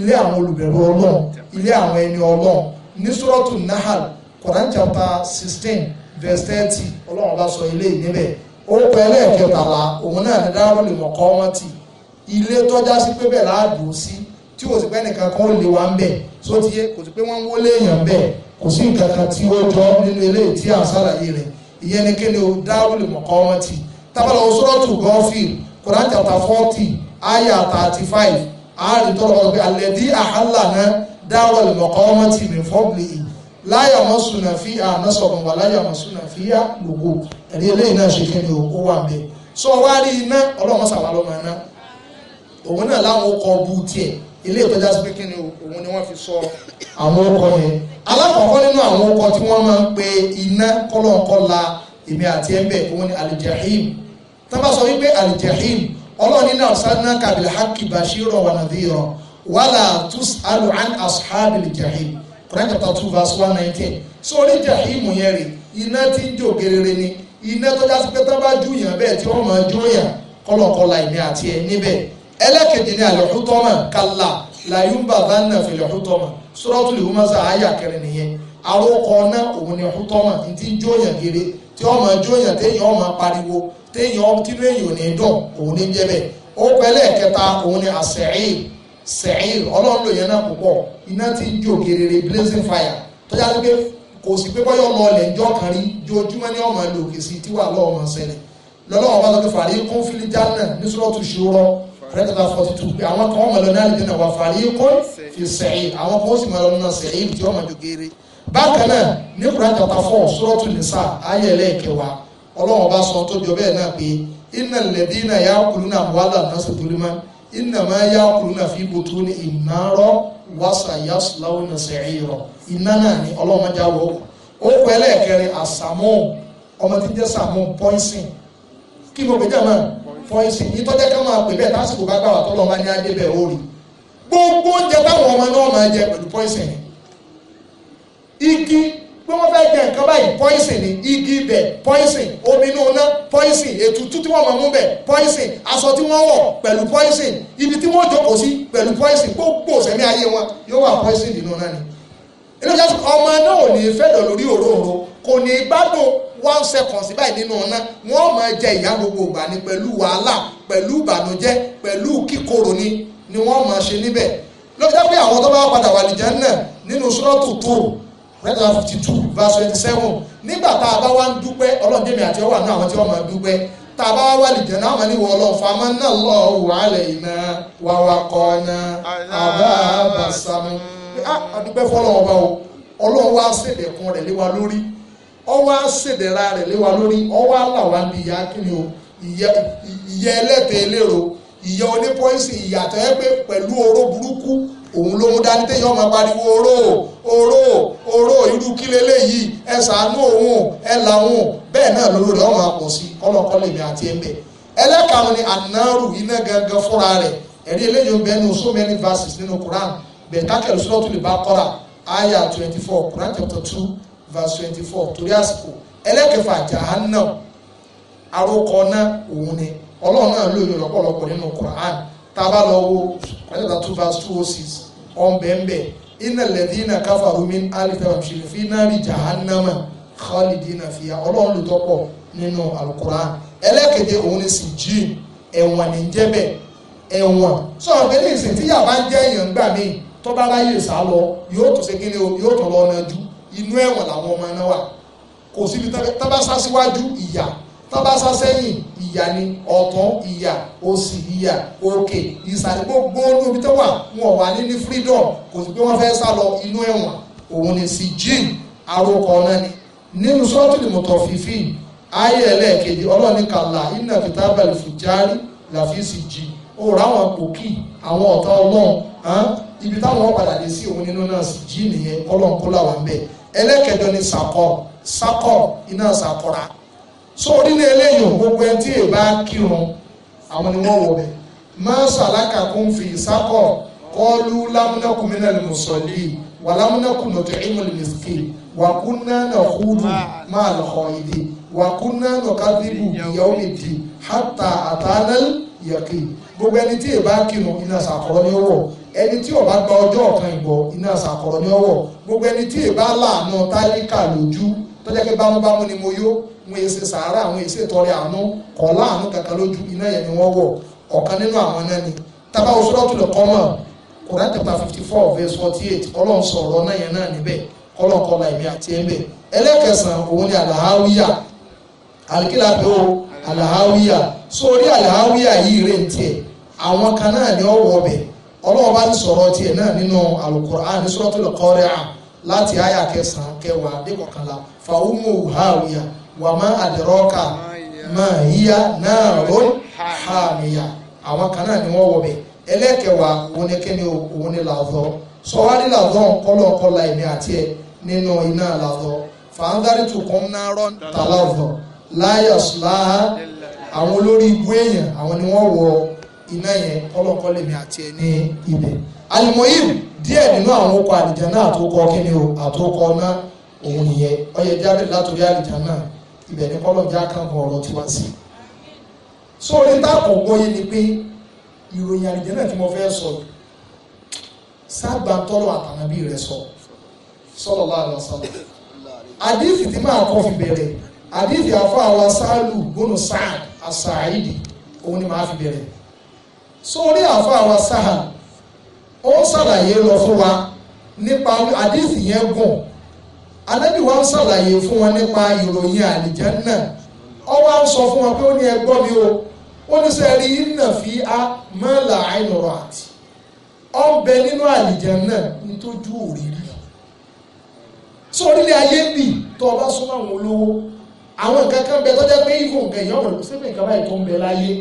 ilé àwọn olùbẹ̀rù ọlọ́run ilé àwọn ẹni ọlọ́run ní sọ́rọ́tù nahal Quran chapter sixteen verse thirty ọlọ́run bá sọ ilé ìníbẹ̀ orúkọ ẹlẹ́ẹ̀kẹtàlá òun náà ní dáhùn lè mọ̀ kọ́ wọ́n ti ilé tọ́já sí pé bẹ́ẹ̀ láàdùn sí tí kò sí pé ẹnìkan kan ó lè wá ń bẹ̀ só ti yé kò sí pé wọ́n ń wọlé èèyàn bẹ́ẹ̀ kò sí nǹkan kan tí ó jọ nínú eléyìí tí à ń rẹ̀ ìyẹn ni kí ni o dáhùn lè mọ̀ kọ́ wọ́n ti tábàlà òṣòro tù Quran chapter forty ayah thirty five àádìtọ́lọ́ ọ̀gbẹ́ àlẹ́dí àhálà náà dáwọ̀ lọ́kọ́ ọmọ tì mí fọ́ọ̀bì yìí láyà mọ́ sùnà fi ànásọ̀gbọ̀n wà láyà mọ́ sùnà fi yá gbogbo ẹ̀rí eléyìí náà ṣe kéde ó wà bẹ́ẹ̀ sọ wá rí iná ọlọ́mọ sàwá lọ́mọ iná òun náà láwọn ọkọ̀ bu tiẹ̀ ilé ìtọ́jà sí pé kí ni òun ni wọ́n fi sọ àwọn ọkọ̀ yẹn alákọ̀ọ́kọ́ nínú àwọn ọkọ̀ tí wọ́n máa ń pe iná kọ́lọ́ọ̀kọ́ la èmi àti ẹ̀ńbẹ̀ òun ni àlìjẹ̀hìm tá bá wípé àlìjẹ̀hìm ọlọ́run nínú àṣánná kàbìlì hákì bàṣírọ̀ wà nàdíyọ̀ wàlà tus alu an ashabil jahim Quran chapter two verse one nineteen sórí jahim yẹn rè iná tí ń jó gerere ni iná tó dá sí pé tá bá jù yàn bẹ́ẹ̀ tí wọ́n máa jó yàn kọ́lọ̀kọ́lá ìní àti ẹ̀ níbẹ̀ ẹlẹ́kejì ni àlùhútọ́mà kàlà làyùnbà bánà fìlì hútọ́mà suratul humasa àyà kẹrin nìyẹn àròkọ náà òun ni hútọ́mà ti ń jó yàn gere tí wọ́n máa jó yàn téèyàn máa pariwo téèyàn tínú èèyàn ní dùn òun ní jẹ́ bẹ́ẹ̀ ó pẹ́lẹ́ kẹta òun ní àṣẹ̀yìn sẹ̀yìn ọlọ́run ló yẹn náà púpọ̀ iná ti ń jó gerere blazing fire tọ́já sí pé kò sí pé bọ́yọ̀ lọ ọ̀lẹ̀ ńjọ́ kan rí jojúmọ́ ní ọmọ ẹ̀lò òkè sí tíwà lọ́wọ́ máa ṣẹlẹ̀ lọ́lọ́wọ́ bá sọ́kè fàrí kún fílí jánà ní sọ́lọ́tù ṣòro rẹ́tàlá forty two pé àwọn kan ọmọ ẹ̀lọ́ náà lè dènà wà fàrí kún fi sẹ̀yìn àwọn kan ó sì máa lọ náà sẹ̀yìn tí ọmọ ọlọ́run bá sọ tó jọ bẹ́ẹ̀ náà pé iná lẹ́bí náà yá kúrú náà wàhálà náà sì torí mọ́ iná máa yá kúrú náà fi bò tó ní ìnáró wàṣà yasùláwò náà sẹ̀yìn rọ iná náà ni ọlọ́run já wọ́ ó kọ ẹlẹ́ẹ̀kẹrin àsàmù ọmọ tí ń jẹ́ sàmù pọ́ìsìn kí mo pè jẹ́ mọ́ pọ́ìsìn ní tọ́jà ká máa pè bẹ́ẹ̀ tásìkò bá gbàwà tọ́lọ́ máa ní adé bẹ́ẹ̀ ó rí gbogbo oúnjẹ táwọn ọmọ náà máa jẹ pẹ̀lú pọ́ìsìn igi pé wọ́n fẹ́ jẹ nǹkan báyìí poison ni igi ibẹ̀ poison omi inú iná poison ètùtù tí wọ́n mọ̀ mú bẹ̀ poison aṣọ tí wọ́n wọ̀ pẹ̀lú poison ibi tí wọ́n jókòó sí pẹ̀lú poison gbogbo sẹ́mi ayé wọn yóò wà poison nínú náà ni. inú ìjà sọ ọmọ náà ò ní fẹ́dọ̀ lórí òróǹro kò ní gbádùn one second sí báyìí nínú iná wọ́n máa jẹ ìyà gbogbo ìgbà ni pẹ̀lú wàhálà pẹ̀lú ìbànújẹ́ pẹ̀lú kíkorò ni ni wọ́n máa mẹ́ta fifty two verse twenty seven nígbà tá a bá wá ń dúpẹ́ ọlọ́run jẹ́mi àti ọwọ́ àánú àwọn tí wọ́n máa dúpẹ́ tá a bá wá wà lìjẹ́ náà wọ́n ní wọ́n lọ fama náà lọ wà lẹ́yìn náà wà wà kọ́ náà àbá àbàsámi. àdúpẹ́ fọlọ́wọ́ bá ah, o ọlọ́run wá ṣèdẹ̀kùn rẹ̀ lé wa lórí ọwọ́ ṣèdẹ̀ra rẹ̀ lé wa lórí ọwọ́ àlàwà ń bi ìyá kíni o ìyẹ ẹlẹ́tẹ̀ẹ́ lérò ìyẹ onípọ́ìsì ìyàtọ̀ ẹ pẹ̀lú oró burúkú òun ló mú dání téèyàn máa pariwo oró oró oró irú kí leléyìí ẹ ṣàánú òun ẹ làwọn bẹ́ẹ̀ náà lóró rẹ̀ ọmọ àpọ̀ sí kọ́lọ́kọ́lọ́ èmi àti ẹ̀mẹ́ ni anaru iná gangan fúnra rẹ̀ ẹ̀rí eléyìí ń bẹ so many verses nínú Quran bẹ́ẹ̀ kákẹ́lù Suratul Baqara aya twenty four Quran chapter two verse twenty four torí àsìkò jahannam náà òun ni náà lóyún nínú Quran Taba lọ wo kọ́ńtà two verse two oh six ọ̀nbẹ̀ẹ̀nbẹ̀ iná lẹ́dí iná káfà omi alifẹ́ràn ṣẹlẹ̀ fi iná rí jahannama khalidi iná fi ya ọlọ́run ló tọ́pọ̀ nínú alukur'an ẹlẹ́kẹ̀dẹ̀ òun ni sì jíìn ẹ̀wọ̀n ní jẹ́ bẹ́ẹ̀ ẹ̀wọ̀n sọ̀rọ̀ pé ní ìsìn tíyàwó á jẹ́ èèyàn gbà míì tó bá ráyè sá lọ yóò tó ṣe kíni o yóò tó lọ ọ̀nà ju inú ẹ̀wọ̀n làwọn ọmọ náà wà kò síbi tábà sá síwájú ìyà tó bá sọ sẹ́yìn ìyà ni ọ̀tún ìyà òsì ìyà òkè ìsàlẹ̀ gbogbo olú ibi tó wà wọn wà ní ní freedom kò sí pé wọ́n fẹ́ sá lọ inú ẹ̀wọ̀n òun ni sí jim arúkọ náà ni nínú sọ́ọ̀tì mọ̀tọ̀ fífi ayé ẹlẹ́ẹ̀kejì ọlọ́ọ̀ni kàlà iná fìtábàlì fìjárì làfíìsì jì ó rà àwọn pòkì àwọn ọ̀tá ọlọ́run ibi táwọn padà dé sí òun nínú náà sì jí nìyẹn ọlọ́run kó làwọn bẹ́ẹ̀ ẹlẹ́ẹ̀kẹjọ ni sàkọ sàkọ iná sàkọra so onílé eléyìí gbogbo ẹni tí èèbá kírun àwọn ni wọ́n wọ̀ bẹ̀ máa sàlákà kún fi ìsákọ̀ kọlu lámúnákù mí náà mùsọ̀lì wà lámúnákù nọ̀tẹ̀ ìmọ̀lì mìsìkì wà kún náà nà húdù máa lọ́kọ̀ ìdí wà kún náà nà kábíbù ìyàwó mi dì hátà àtàlẹ́lì yẹ̀kì gbogbo ẹni tí èèbá kírun iná sàkọ̀rọ̀ ni ó wọ̀ ẹni tí ó bá gba ọjọ́ ọ̀kan ìgbọ̀ iná sàkọ̀rọ̀ ni ó wọ̀ gbogbo ẹni tí èèbá láàánú tálíkà lójú tọ́jà pé bámúbámú ni mo yó wọn èsè sàárà àwọn èsè tọrẹ àánú kọ̀ láàánú kankan lójú iná yẹn ni wọ́n wọ̀ ọ̀kan nínú àwọn náà ni tábà Suratul Qamar Quran chapter fifty four verse forty eight ọlọ́run sọ̀rọ̀ náà yẹn náà níbẹ̀ kọ́lọ́kọ́lá ẹ̀mí àti ẹ̀mẹ̀ ẹlẹ́kẹsàn-án òun ni àlàáwíyà àlìkílàbẹ̀ o àlàáwíyà sórí àlàáwíyà yìí rè ń tiẹ̀ àwọn kan náà ni ọ̀wọ́ ọbẹ̀ ọlọ́run bá ti sọ̀rọ̀ tiẹ̀ náà nínú Al-Qur'an Suratul Qari'ah láti àyà kẹsàn-án kẹwàá dé kọkànlá fàwùmù hàwíyà wàmọ́ àdìrọ́kà máa yíya náà ló hàmìyà àwọn kan náà ni wọ́n wọ̀ bẹ̀ ẹlẹ́kẹ̀wàá òun ni kíni òun ni làzọ́ sọ́wádìí làzọ́ kọ́lọ́kọ́lá èmi àti ẹ̀ nínú iná làzọ́ fàǹdárì tukùn náà rọ́ tàlàzọ́ láyà sùláhà àwọn olórí ibú èèyàn àwọn ni wọ́n wọ iná yẹn kọ́lọ́kọ́lá èmi àti ẹ̀ ní ibẹ̀ alimoyim díẹ̀ nínú àwọn okọ̀ àlìjá náà àtòkọ kíni o náà òun nìyẹn ọyẹ jáde látòrí àlìjá náà ibẹ̀ ni kọ́lọ̀jà kankan ọ̀rọ̀ tí wá sí. so orí táàkùn gbóyè ni pé ìròyìn àlìjẹ́ náà tí mo fẹ́ sọ sábà tọrọ àtànàbí rẹ sọ sọlọ láàrin ọsàn àdìsí tí máa kọ́ fi bẹ̀rẹ̀ àdìsí àfọ àwọn sáàlù gbónú sáàd àsàáìdì òun ni màá fi bẹ̀rẹ̀ sórí àfọ àwọn sáàd ó ṣàlàyé lọ fún wa nípa àdìsí yẹn gùn Ànábì wa ń ṣàlàyé fún wọn nípa ìròyìn àlìjánà ó wá sọ fún wọn pé ó ní ẹgbọ́n mi o ó ní sẹ́ rí iná fi á mọ́là àìnọ̀rọ̀ àti ó ń bẹ nínú àlìjánà nítòjú òrìrì sọ ayé bì tó o bá súnmọ́ àwọn olówó àwọn nǹkan kan bẹ tọ́jà pé ìfò nǹkan èèyàn rẹ̀ kó sẹ́fẹ̀ nǹkan báyìí tó ń bẹ láyé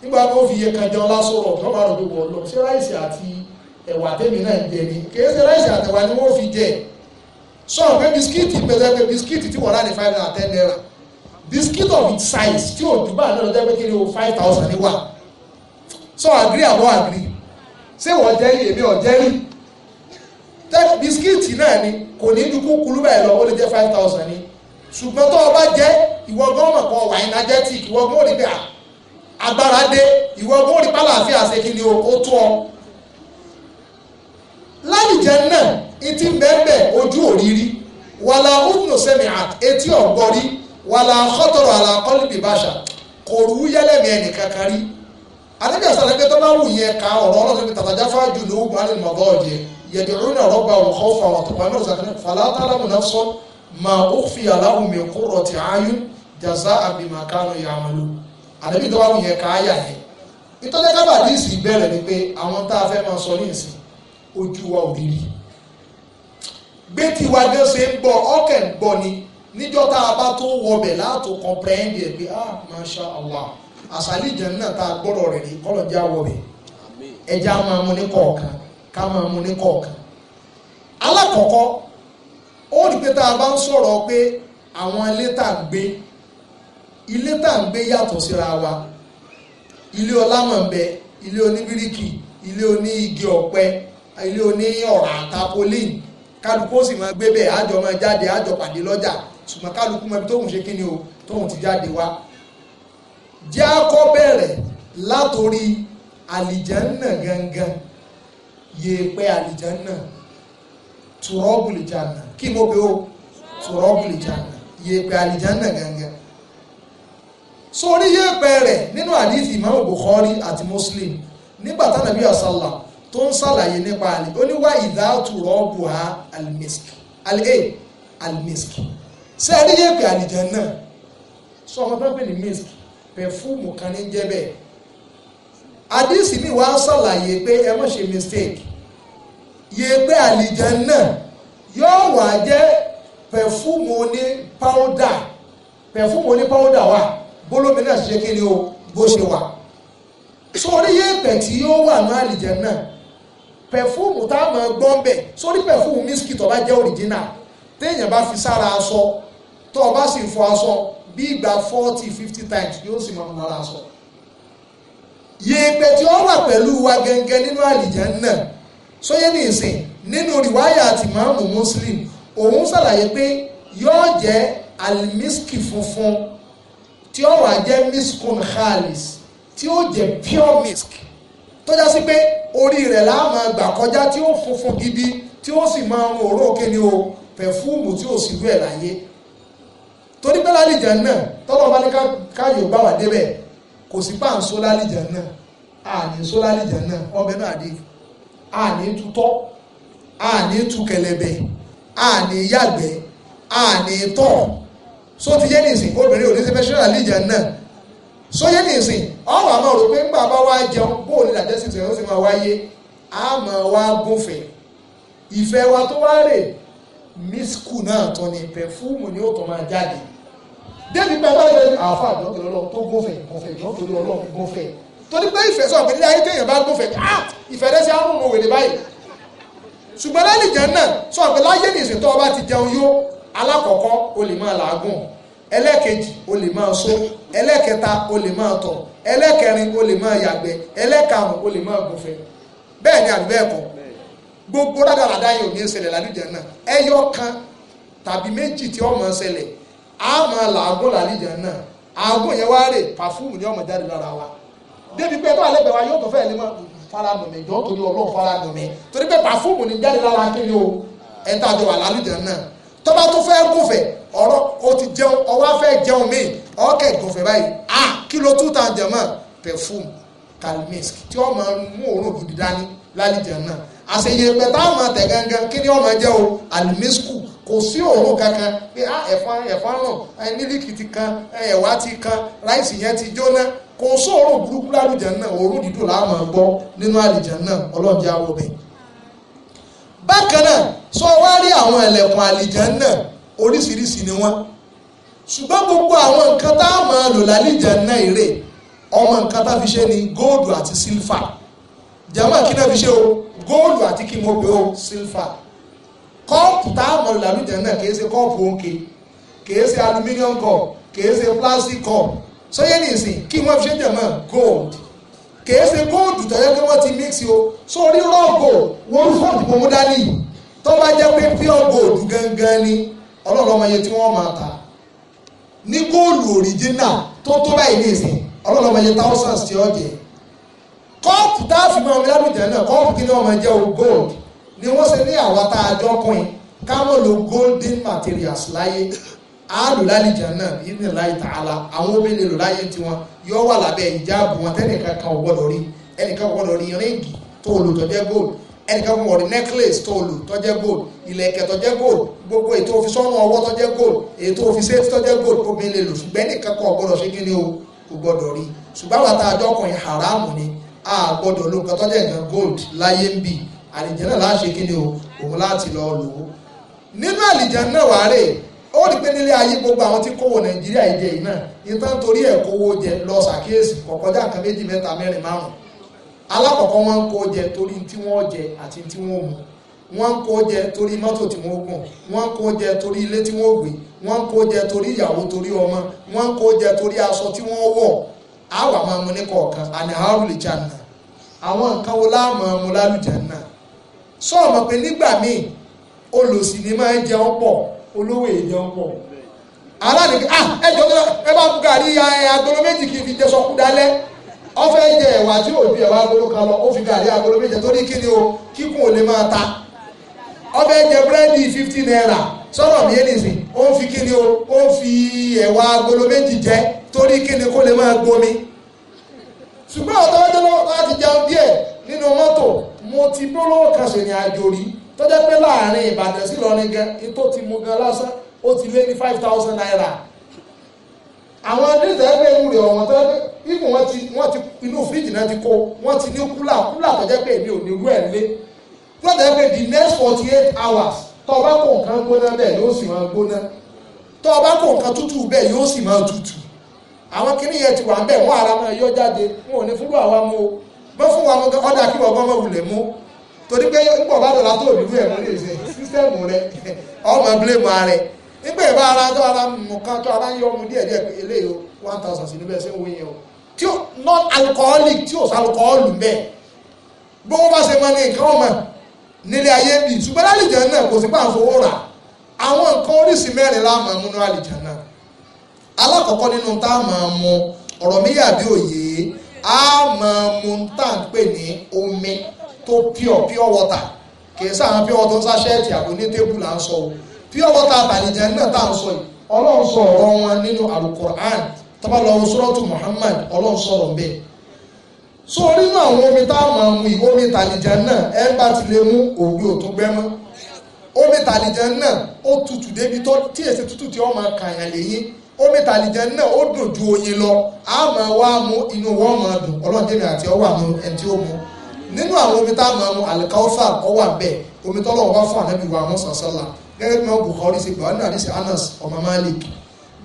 nígbà tó fi iye kan jẹun lásọ̀rọ̀ tó bá rọ̀ tó wọ̀ lọ sí ráìsì àti ẹ̀wà tẹ́mi náà ń jẹ ni kì í ṣe ráìsì àtẹ̀wà ni wọ́n fi jẹ sọ̀rọ̀ pé bisikíìtì pẹ̀lẹ́ pé bisikíìtì tí wọ́n rà ní five naira ten naira bisikíìtì of its size tí ò dùbà náà lọ́jọ́ pé kí o five thousand ní wà so agree àbọ̀ agree ṣé wọ́n jẹ́ rí èmi ò jẹ́ rí bisikíìtì náà ni kò ní dúkú kulú bẹ́ẹ̀ lọ ó lè jẹ́ five thousand ni ṣùgbọ́n tó o bá jẹ́ ìwọ gọ́ọ̀mọ̀ kan wà energetic ìwọ gọ́ọ̀ níbi agbára dé ìwọ gọ́ọ̀ nípa láàfin àṣekí ni o tó ọ lálìjẹ náà ìtì bẹ́ẹ̀ ojú òrírí wàlà ọ̀hún sẹ́mi etí ọ̀gbọ́rí wàlà ọ̀kọ́tọ̀rọ̀ àlà kọ́lù bìbáṣà kò rú yẹlẹ́mì ẹnì kankan rí àdébí àsàlẹ̀ pé tó bá wù yẹn ka ọ̀rọ̀ ọlọ́sẹ̀ pé tàtàjà fáájú ló wù alẹ́ mọ̀gá ọ̀jẹ̀ yẹ̀dùrún náà rọ́bà òkò fàwọn àtọ̀pá náà sàkínà fàlátàlámù náà sọ ma ó fi aláwọ̀ mi kúrọ̀ tí ayún jàzá àbìmọ̀ kánú ya wọn ìtọ́jà kábàdì ìsì bẹ̀rẹ̀ ni pé àwọn tá a fẹ́ máa sọ ní ìsìn ojú wa òrìrì gbé tiwa bí ó ṣe ń bọ̀ ọkẹ́ ń bọ̀ ni níjọ́ tá a bá tó wọbẹ̀ ẹ̀ ah masha allah àṣàlì ìjẹun náà tá a gbọ́dọ̀ rẹ̀ ni kọ́lọ̀ jẹ́ àwọ̀bẹ̀ ẹja máa mu ní kọ̀ọ̀kan ká máa mu ní kọ̀ọ̀kan. alákọ̀ọ́kọ́ ó rí pé tá a bá ń sọ̀rọ̀ pé àwọn ilé tá à ń gbé ilé tá à ń gbé yàtọ̀ síra wa ilé ilé oníbíríkì ilé kálukú ó sì máa gbé bẹ́ẹ̀ àjọ máa jáde àjọ pàdé lọ́jà ṣùgbọ́n kálukú mọ ibi tóun ṣe kí ni o tóun ti jáde wá. jẹ́ akọ́ bẹ̀rẹ̀ látòrí àlìjánná gangan yèèpẹ̀ àlìjánná tùrọ́bùlì jàǹnà kí mo pe o tùrọ́bùlì jàǹnà yèèpẹ̀ àlìjánná gangan. sórí yèèpẹ̀ rẹ̀ nínú àdìsí Imam Bukhari àti Muslim nígbà tánàbí àsálà tó ń ṣàlàyé nípa àlè ó ní wá ìdáàtú rọ́ọ̀bù ha alimisk alẹ́ alimisk ṣé ẹ rí yẹ̀pẹ̀ àlìjẹ́ náà sọ ọmọ tó ń pè ní misk pẹ̀fúmù kan ní jẹ́ bẹ́ẹ̀ àdìsí mi wá ń ṣàlàyé pé ẹ má ṣe mistake yẹ̀pẹ̀ àlìjẹ́ náà yóò wá jẹ́ pẹ̀fúmù ní pàwọ́dà pẹ̀fúmù ní pàwọ́dà wà bólómi náà ṣe kí ni o bó ṣe wà sórí yẹ̀pẹ̀ tí yóò wà ní àlìjẹ́ náà pẹ̀fúùmù tá a máa gbọ́ ń bẹ̀ sórí pẹ̀fúùmù miski tó bá jẹ́ original téèyàn bá fi sára aṣọ tó o bá sì fọ aṣọ bí ìgbà forty fifty times yóò sì máa mọ́ra aṣọ. yèèpẹ̀ tí ó wà pẹ̀lú wa gẹ́gẹ́ nínú àlìjẹ́ náà sóyè ní ìsìn nínú rìwáyà àti máàmù muslim òun ṣàlàyé pé yóò jẹ́ alimiski funfun tí ó wà jẹ́ miskun khalis tí ó jẹ́ pure misk tó já sí pé orí rẹ̀ láàmú gbà kọjá tí ó funfun gidi tí ó sì máa ń òró kíni o pẹ̀fúùmù tí ò sí rú ẹ̀ láyé torí pé lálìjẹ́ náà tọ́lọ́ bá ní káyọ̀ bá wà débẹ̀ kò sí bá ń só lálìjẹ́ náà àní só lálìjẹ́ náà ọbẹ̀ náà dé àní tutọ́ àní tu kẹlẹ̀bẹ̀ àní yàgbẹ́ àní tọ̀ só ti yé nìsín obìnrin ò ní sí fẹ́ sọ́ra lálìjẹ́ náà sóyè nìsín ọ̀rọ̀ àmọ́ rò pé ń bàbá wa jẹun bóun ni dàjẹ́ sísè ó sì máa wáyé àmọ́ wa gúnfẹ̀ ìfẹ́ wa tó wá rè mísíkù náà tán ni pẹ̀fúmù ni ó tọ́ máa jáde débi pé bá yẹ àáfà àdókòlò ọlọ́run tó gúnfẹ̀ gúnfẹ̀ ìdókòlò ọlọ́run gúnfẹ̀ torí pé ìfẹ́ sọ̀rọ̀ pé nílé ayé téèyàn bá gúnfẹ̀ ah ìfẹ́ rẹ̀ sí àwọn ọmọ wèrè báyìí ṣùgbọ́n lálẹ́ ìjẹun náà sọ̀rọ̀ pé láyé nìsín tó o bá ti jẹun yó alákọ̀ọ́kọ́ o lè máa làágùn ẹlẹ́ẹ̀kejì o lè máa só ẹlẹ́ẹ̀kẹta o lè máa tọ̀ ẹlẹ́ẹ̀kẹrin o lè máa yàgbẹ́ ẹlẹ́ẹ̀karùn o lè máa gùnfẹ́ bẹ́ẹ̀ ni àbí bẹ́ẹ̀ kọ́ gbogbo rádaràdá yìí ò ní ṣẹlẹ̀ lálùjẹ náà ẹyọ kan tàbí méjì tí ọmọ ṣẹlẹ̀ á máa làágùn lálùjẹ náà àágùn yẹn wá rè pàfúùmù ni ọmọ jáde lára wa débi pé tó àlẹ́bẹ̀ wa yóò tó fẹ́ẹ̀ lé mọ́ faradùn mi jọ́ torí ọlọ́run faradùn mi torí pé pàfúùmù ni jáde lára kí ni o ẹ̀ ń tàjọ wà lálùjẹ náà tọ́ba tó fẹ́ ọ̀rọ̀ o ti jẹun ọwọ́ afẹ́ jẹun míì ọ̀kẹ́ ìgànfẹ́ báyìí ah kí ló tún ta jẹ̀ mọ́ perfume calmisk tí ó máa mú òórùn gidi dání lálejò náà àṣeyẹ pẹ̀tà ọmọ tẹ̀ gangan kí ni ọmọ jẹ́ o alimisku kò sí òórùn kankan pé ẹ̀fọn ẹ̀fọn náà mílíkì ti kan ẹ̀wà ti kan ráìsì yẹn ti jóná kò sóòrùn burúkú lálejò náà òórùn dídùn láàmú gbọ́ nínú àlejò náà ọlọ́ọ̀jẹ́ àwọ̀ bẹ́ẹ̀. bákan náà sọ wá rí àwọn ẹlẹ́kùn àlejò náà oríṣiríṣi ni wọ́n ṣùgbọ́n gbogbo àwọn nǹkan tá a máa lò lálejò náà èrè ọmọ nǹkan tá a fi ṣe ni góòlù àti sílfà jàmá kí náà fi ṣe o góòlù àti kí mo pè o sílfà kọ́ọ̀pù tá a máa lò lálejò náà kì ṣe kọ́ọ̀pù òǹkè kì ṣe aluminium cup kì ṣe plastic cup sọyẹ́ nìsín kí wọ́n fi ṣe jàmá gold kì í ṣe góòlù tó yẹ kí wọ́n ti mix o sórí rọ́ọ̀gò wọ́n fọ́ọ̀dù gold gangan ọlọ́run ọmọ yẹn tí wọ́n máa ta ní góòlù òrìjínà tó tó báyìí ní ìsìn ọlọ́run ọmọ yẹn thousands ti ọ̀jẹ̀ kọ́ọ̀pù tá a fi máa wọlé àlùjá náà kọ́ọ̀pù kí ni wọ́n máa jẹ́ o gold ni wọ́n ṣe ní àwa tá a jọ pin káwọn lo golden materials láyé àálù lálìjà náà ìdí láì tààlà àwọn obìnrin lò láyé tiwọn yọ wà lábẹ́ ìjáàbù wọn tẹ́nìkan kan ò gbọ́dọ̀ rí ẹnìkan ò rí ríǹgì tó olùtọ́jẹ́ gold ẹnìkan mọ̀ rí necklace tó lò gold ìlẹ̀kẹ̀ tó gold gbogbo ètò òfin sọ́nà ọwọ́ tó gold ètò òfin safe tó gold obìnrin lè lò ṣùgbẹ́ nìkan kan ọ̀gbọ́dọ̀ ṣe kí ni o kò gbọ́dọ̀ rí ṣùgbọ́n àwọn àtàjọ ọkùnrin haramu ni a gbọ́dọ̀ ló nǹkan tó nǹkan gold láyé ń bì àlìjẹ́nà láà ṣe kí ni o òun láti lọ lò ó nínú àlìjẹ́nà wàárẹ̀ ó rí pé nílé ayé gbogbo àwọn tí kówó nàìjíríà ìjẹ yìí náà ìtàn torí ẹ̀ kówó jẹ lọ ṣàkíyèsí kọ̀kọ́jà kan méjì mẹ́ta mẹ́rin márùn alákọ̀ọ́kọ́ wọ́n ń kó jẹ torí tí wọ́n jẹ àti tí wọ́n wọ́n ń kó jẹ torí mọ́tò tí wọ́n gùn wọ́n ń kó jẹ torí ilé tí wọ́n gbé wọ́n ń kó jẹ torí ìyàwó torí ọmọ wọ́n ń kó jẹ torí aṣọ tí wọ́n wọ̀ àwa máa mu ní kọ̀ọ̀kan àní àárò lè àwọn nǹkan wo láàmú ọmọ sọ ọmọ pé nígbà míì ni máa ń pọ̀ olówó pọ̀ ah, ẹ ẹ bá gàrí agolo méjì kì jẹ ọfẹ jẹ ẹ̀wà tí òbí ẹ̀wà agolo kan lọ ó fi gàrí agolo méje torí kí ni o kíkùn ò lè máa ta ọfẹ jẹ búrẹ́dì fifty naira sọ̀rọ̀ mi ẹni sìn ó ń fi kí ni o ó ń fi ẹ̀wà agolo méjì jẹ torí kí ni kó lè máa gbomi ṣùgbọ́n ọ̀tọ́ ọjọ́ lọ́wọ́ láti jẹun díẹ̀ nínú mọ́tò mo ti bólówó kan ṣèrìn àjò rí tọ́jọ́ pé láàrin Ìbàdàn sí Ìlọrin ètò ti mu gan lásán ó ti lé ní five thousand naira àwọn ẹlẹ́dẹ̀ ẹgbẹ́ ń rè ọ̀wọ́n tó ẹgbẹ́ ibù wọ́n ti wọ́n ti inú fíríjì náà ti kó wọ́n ti ní kúlà kúlà tó pé èmi ò ní ẹ̀ lé the next forty hours tó gbóná bẹ́ẹ̀ yóò sì máa gbóná tó tútù bẹ́ẹ̀ yóò sì máa tutù àwọn kìnnì wà ń bẹ̀ ara máa yọ jáde wọn ò ní àwa mú o bọ́ fún wa kí wọ́n nígbà ìbá ara tó ara mú kan tó ara ń yọ ọmú díẹ̀ díẹ̀ eléyìí o one thousand sí níbẹ̀ ṣé ń wo yẹn o tí ó non alcoholic tí ó sàlùkọ́ọ̀lù ń bẹ̀ bó wọ́n bá ṣe mọ ní nǹkan ọmọ nílé ayé bì ṣùgbọ́n lálìjẹ́ náà kò sí pà ń fowó rà àwọn nǹkan oríṣi mẹ́rin láàmú múnú àlìjẹ́ náà alákọ̀ọ́kọ́ nínú tá a máa mu ọ̀rọ̀ mi yàbí òye a máa mu tá à ń pè ní omi tó pure pure water kì í sáà pure water ń sá ṣẹ́ẹ̀tì àbò ní tébù là ń sọ o pure water àtàlìjẹ náà tá à ń sọ yìí ọlọ́run ọ̀rọ̀ wọn nínú alukur'an tọ́ba lọ muhammad ọlọ́run sọ̀rọ̀ ń so nínú àwọn omi tá a máa mu náà ẹ bá ti lè mú òwe ò tó mọ́ tí èsì tútù tí ó máa lẹ́yìn omi náà ó lọ a máa wá mu inú wọn máa dùn àti ọwọ́ àmú ẹni tí ó nínú àwọn omi tá a máa mu alikawusa ọwọ́ omi bá gẹ́gẹ́ bí wọ́n Bukhari ṣe gbà wọ́n náà àdìsí Anas ọmọ Malik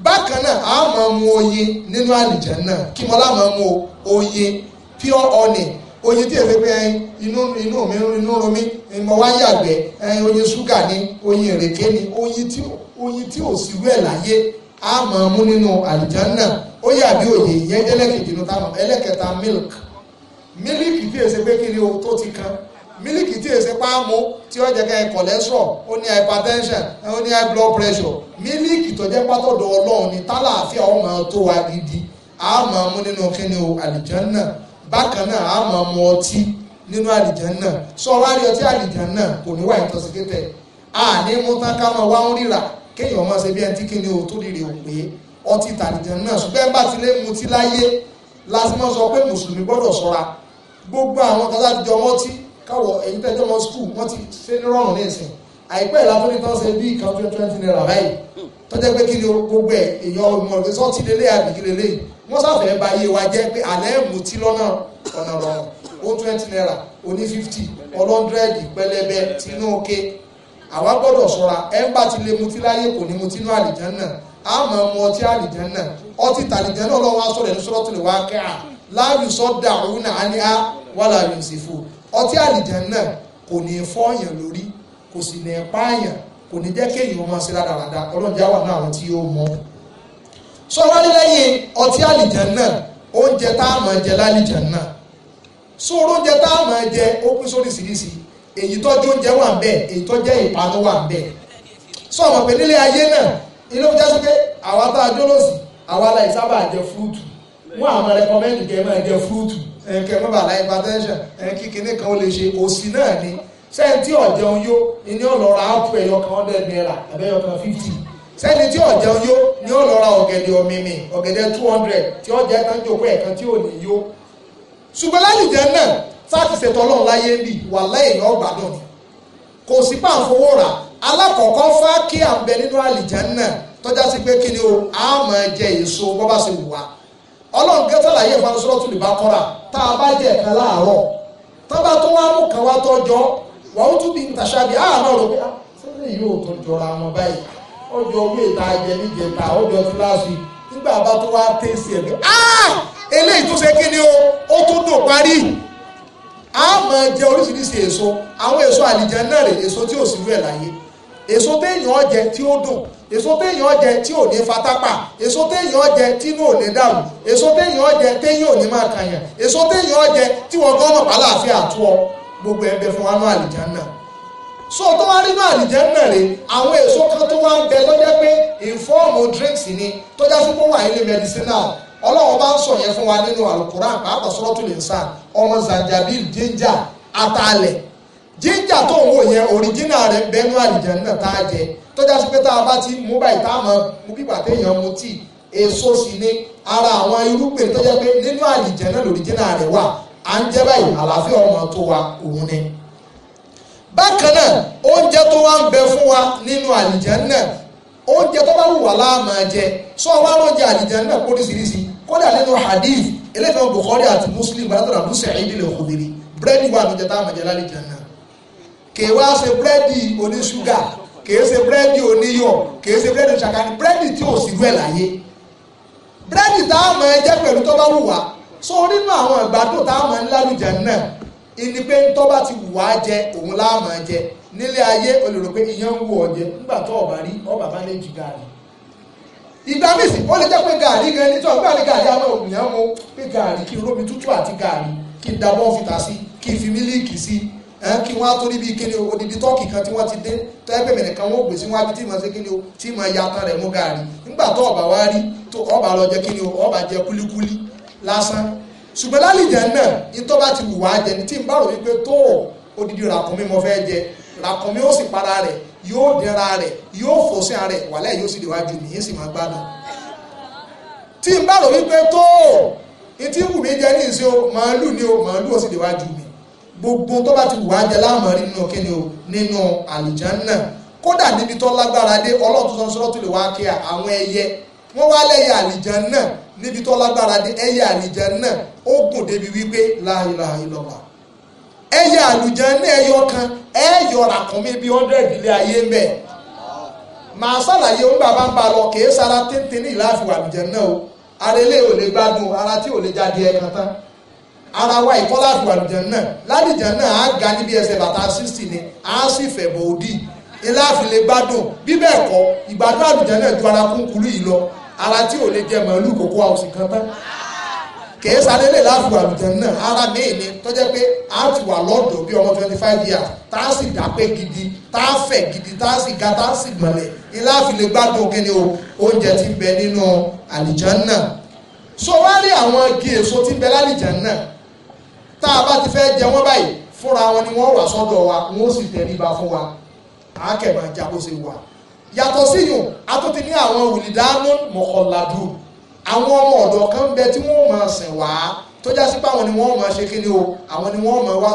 bákan náà a máa mu oyin nínú àlìjẹ́ náà kí mo lá máa mu oyin pure honey oyin tí èsè pé ẹyin inú inú mi inú run mi mo wá yàgbẹ́ oyin ṣúgà ni oyin ìrèké ni oyin tí oyin tí ò sí wẹ̀ láyé a máa mu nínú àlìjẹ́ náà ó yà bí òye ìyẹn ẹlẹ́kẹ̀jì nù táwọn ẹlẹ́kẹta milk mílíkì tí èsè pé kí ni o tó ti kan mílìkì tí èsè páàmù tí ó jẹ́ ká cholesterol ó ní hypertension ó ní high blood pressure mílìkì tó jẹ́ pátọ́dọ̀ ọlọ́run ní tálàáfíà ó máa tó wa gidi a máa mú nínú kíni o àlìjánná bákan náà a máa mu ọtí nínú àlìjánná sọ wá rí ọtí àlìjánná kò ní wà intoxicated a ní mú tán ká máa wá ń ríra kéèyàn máa ṣe bí ẹni tí kíni o tó rírì ò ọtí tàlìjánná ṣùgbọ́n bá ti lé mutí láyé lásìmọ́ sọ pé mùsùlùmí gbọ́dọ̀ ṣọ́ra gbogbo àwọn kan láti jọ mọ́tí káwọ̀ ẹ̀yin tẹ́jọ́ lọ skul wọ́n ti ṣe ní rọrùn ní ìsìn àìpẹ́ ìlàfún ní tọ́sẹ̀ bí ìkan twenty twenty naira báyìí tọ́jẹ́ pé kí ni gbogbo ẹ̀ èèyàn ìmọ̀ rẹ̀ sọ́ọ̀tì lélẹ̀ àbíkí lélẹ̀ wọ́n sáfẹ́ ba iye wa jẹ́ pé àlẹ́ mutí lọ́nà ọ̀nà rọrùn ó twenty naira oní fifty ọlọ́ndrẹ́dì pẹlẹbẹ tinú òkè àwa gbọ́dọ̀ ṣọ́ra ẹ̀ ń bá ti lè mutí láyé kò ní mutí inú àlìján náà a mọ̀ ọmọ ọtí àlìján náà ọtí tàlìján náà ọlọ́wọ́ aṣọ rẹ̀ ní sọ́dọ̀ tó lè wá kẹ́ à láàyè sọ́dà òun náà á ní á wà láàyè ọtí àlìjàn náà kò ní fọ́ọ̀yàn lórí kò sì ní pààyàn kò ní jẹ́ kéèyàn ọmọ sí rádaràda ọlọ́run já wà náà àwọn tí yóò mọ́ sọ wá ní lẹ́yìn ọtí àlìjàn náà oúnjẹ tá a máa jẹ lálìjàn náà sọ oúnjẹ tá a máa jẹ ó pín sóríṣiríṣi èyí tó jẹ oúnjẹ wà ń èyí tó jẹ ìpanu wà ń sọ ọmọ pé nílé ayé náà ilé oúnjẹ sọ pé àwa tá a jólóòsì àwa la ìsábà jẹ fúrúùtù wọn àwọn rẹkọmẹ́ndì ẹ̀kẹ́ mọ́bàlá hypertension ẹ̀kí kinní kan ó lè ṣe òsì náà ni sẹ́ni tí ọ̀jẹun yó ni ó lọ ra ápù ẹ̀yọ kan hundred naira àbẹ́yọ kan fifty sẹ́ni tí ọ̀jẹun yó ni ó lọ ra ọ̀gẹ̀dẹ̀ ọ̀mìmì ọ̀gẹ̀dẹ̀ two hundred tí ọ̀jẹ̀ tán jòkó ẹ̀kan tí ò ní yó ṣùgbọ́n lálùjẹ náà sáàtì ṣètò ọlọ́run láyé ń bì wà lẹ́yìn ọgbàdàn ni kò sí pàǹfowó rà alákọ̀ọ́kọ́ fá kí à ń bẹ nínú àlìjẹ náà tọ́já sí pé kí ni ọlọ́run kẹ́ sàlàyé ìfanisọ́rọ́ tún lè bá kọ́ra tá a bá jẹ́ ẹ̀ka láàárọ̀ tá a bá tó wá mú kan wá tọ́jọ́ wọ́n tún bí ntàṣàbí àárọ̀ rẹ̀ pé sẹ́lẹ̀ yóò tó jọra wọn báyìí ọjọ́ owó ìta jẹ níjẹta ọjọ́ kíláàsì nígbà bá tó wá tẹ̀sí ẹ̀ ah, eléyìí tó ṣe kí ni o ó tún dùn parí a máa jẹ oríṣiríṣi èso àwọn èso àlìjẹ náà rè èso tí ò sí rú ẹ̀ láyé èso téèyàn jẹ tí ó dùn èso téèyàn jẹ tí ò ní fatápà èso téèyàn jẹ tí inú ò ní dàrú èso téèyàn jẹ téèyàn ò ní máa kàyàn èso téèyàn jẹ tí wọn gbọ́n mọ̀pá láàfin àtú ọ gbogbo ẹgbẹ́ fún wa ní àlìjánà so tó wá rí ní àlìjánà rè àwọn èso kan tó wá ń bẹ tó jẹ́ pé ìfọ́ọ̀mù drinks ni tó já sí pé wà nílé medicinal ọlọ́run bá ń sọ yẹn fún wa nínú alukoran pàápàá suratul insan ọmọ zanjabil ginger atalẹ̀ ginger tó ń wò yẹn original rẹ̀ bẹ́nu àlìjánà tá a jẹ tọ́já sí pé tá a bá ti mú báyìí tá a mọ̀ mú bí pàtẹ́ mu tíì èso sì ni ara àwọn irúgbìn tọ́já pé nínú àlìjẹ́ náà lòdì jẹ́ náà rẹ̀ wà à ń jẹ́ báyìí àlàáfíà ọmọ tó wa òun ni bákan náà oúnjẹ tó wá ń bẹ fún wa nínú àlìjẹ́nnà oúnjẹ tó bá wù wá la máa jẹ sọ wá lóúnjẹ àlìjẹ́nnà póríṣiríṣi kódà nínú hadith eléfẹ́ Bukhari àti Muslim balátọ̀rọ̀ àbú Sa'id al-Khudri búrẹ́dì wà lóúnjẹ tá a máa jẹ lálìjẹ́nnà kèwá ṣe búrẹ́dì oníṣúgà kìí ṣe búrẹ́dì oníyọ̀ kìí ṣe búrẹ́dì ṣàkàní búrẹ́dì tí ò sí rẹ̀ láyé búrẹ́dì tá a máa jẹ pẹ̀lú tó bá wù wá so nínú àwọn ìgbádùn tá a máa ń lálùjẹ náà ìní pé tó bá ti wù wá jẹ òun la máa jẹ nílé ayé o lè rò pé iyán ń wù ọ jẹ nígbà tó ọba rí ọba bá lè ju gàrí ìgbà míì sì ó lè jẹ́ pé gàrí gan ní tó ọgbà ní gàrí àwọn òmìnira mu pé gàrí kí n tútù àti gàrí kí dabọ́ fìtà sí kí fi mílíìkì sí ẹ kí wọ́n á tó rí bí kíni o odidi tọ́kì kan tí wọ́n ti dé tó ẹgbẹ́ mìíràn kan wọ́n gbé sí wájú tí màá ṣe kíni o tí màá ya tán rẹ̀ mú gààrí nígbà tó ọba wá rí tó ọba lọ jẹ kíni o ọba jẹ kúlíkúlí lásán ṣùgbọ́n lálìjẹ náà ní tó bá ti wù wá jẹ ní tí n bá rò wípé tó odidi ràkúnmí mo fẹ́ jẹ ràkúnmí ó sì para rẹ̀ yóò dẹra rẹ̀ yóò fò sí ara rẹ̀ wàlẹ́ yóò sì déwájú mi yín sì máa gbádùn o màálù ni o màálù ó sì déwájú mi gbogbo tó bá ti wùwá jẹ láàmú rí nínú kíni o nínú àlìjánná kódà níbi tó lágbára dé ọlọ́run tó sọ sọ́rọ́ tó lè wá kí àwọn ẹyẹ wọ́n wá lẹ́yẹ àlìjánná níbi tó lágbára dé ẹyẹ àlìjánná ó gùn débi wípé láàyèlá ìlọ́wà ẹyẹ àlìjánná ẹyọ kan ẹyọ ràkúnmí bíi hundred ilé ayé mbẹ màá sàlàyé ń bàbá ń ba lọ kèé sara téńténí ìlàáfíà àlìjánná o ara ò lè gbádùn ara tí ò lè jáde ẹ̀kan tán ara wa ìkọ́lá àfìwà àlùjẹ náà ládìjẹ náà á ga níbi ẹsẹ̀ bàtà sixty ni á sì fẹ̀bọ̀ òdì ilé àfilẹ̀ gbádùn bí bẹ́ẹ̀ kọ́ ìgbádùn àlùjẹ náà ju ara kúnkuru yìí lọ ara tí ò lè jẹ màálù kókó àwòsì kan tán kèé sálẹ́lẹ̀ láàfin àlùjẹ náà ara míì ni tó jẹ́ pé a ti wà lọ́dọ̀ bí ọmọ twenty five years tá a sì dápé gidi tá a fẹ̀ gidi tá a sì ga tá a sì gbọ̀nlẹ̀ ilé àfilẹ̀ gbádùn kíni o oúnjẹ ti bẹ nínú àlùjẹ náà so wá rí àwọn igi èso ti bẹ lálùjẹ náà tá a bá ti fẹ́ jẹ wọ́n báyìí fúnra wọn ni wọ́n wà sọ́dọ̀ wa wọ́n sì tẹríba fún wa àákẹ́mọ̀ ajá bó ṣe wà yàtọ̀ síyùn atúntì ní àwọn wùlìdánù mọ̀kànládù àwọn ọmọ ọ̀dọ̀ kan ń bẹ tí wọ́n máa sìn wá tó já sí pé àwọn ni wọ́n máa ṣe kí ni o àwọn ni wọ́n máa wá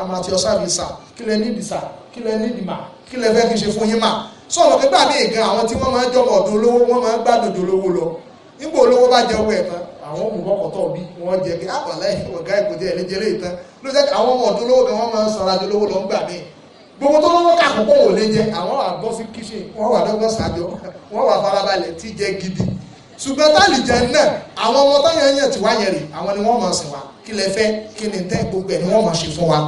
amatiọ sáfìsà kí lẹ nídìí sà kí lẹ nídìí mà kí lẹ fẹ́ kí n ṣe fún yín mà sọ̀rọ̀ pé ìgan àwọn tí wọ́n máa jọmọ̀ ọ̀dọ̀ olówó wọ́n máa gbàdòdò olówó lọ nígbà olówó bá jẹ́ owó ẹ̀ tán àwọn òmùbọ́kọ̀tọ̀ bí wọ́n ah, jẹ́ kí àpàlẹ́ ọ̀gá ìkòjẹ́ ẹ̀lẹ́jẹ́ lè tán ló jẹ́ àwọn ọ̀dún lówó kan wọ́n máa ń sanra jù lówó lọ ń gbà míì gbogbo tó lọ́wọ́ kàkókò ò lè jẹ àwọn wà sí kíṣìn wọ́n wà lọ́gbọ́n sàájọ́ wọ́n wà farabalẹ̀ tí jẹ gidi ṣùgbọ́n tálìjẹ náà àwọn ọmọ táyà yàn tí wáyẹ rè àwọn ni wọ́n máa sìn wá kí lẹ fẹ́ kí ni tẹ́ gbogbo ẹ̀ ni wọ́n máa ṣe fún wa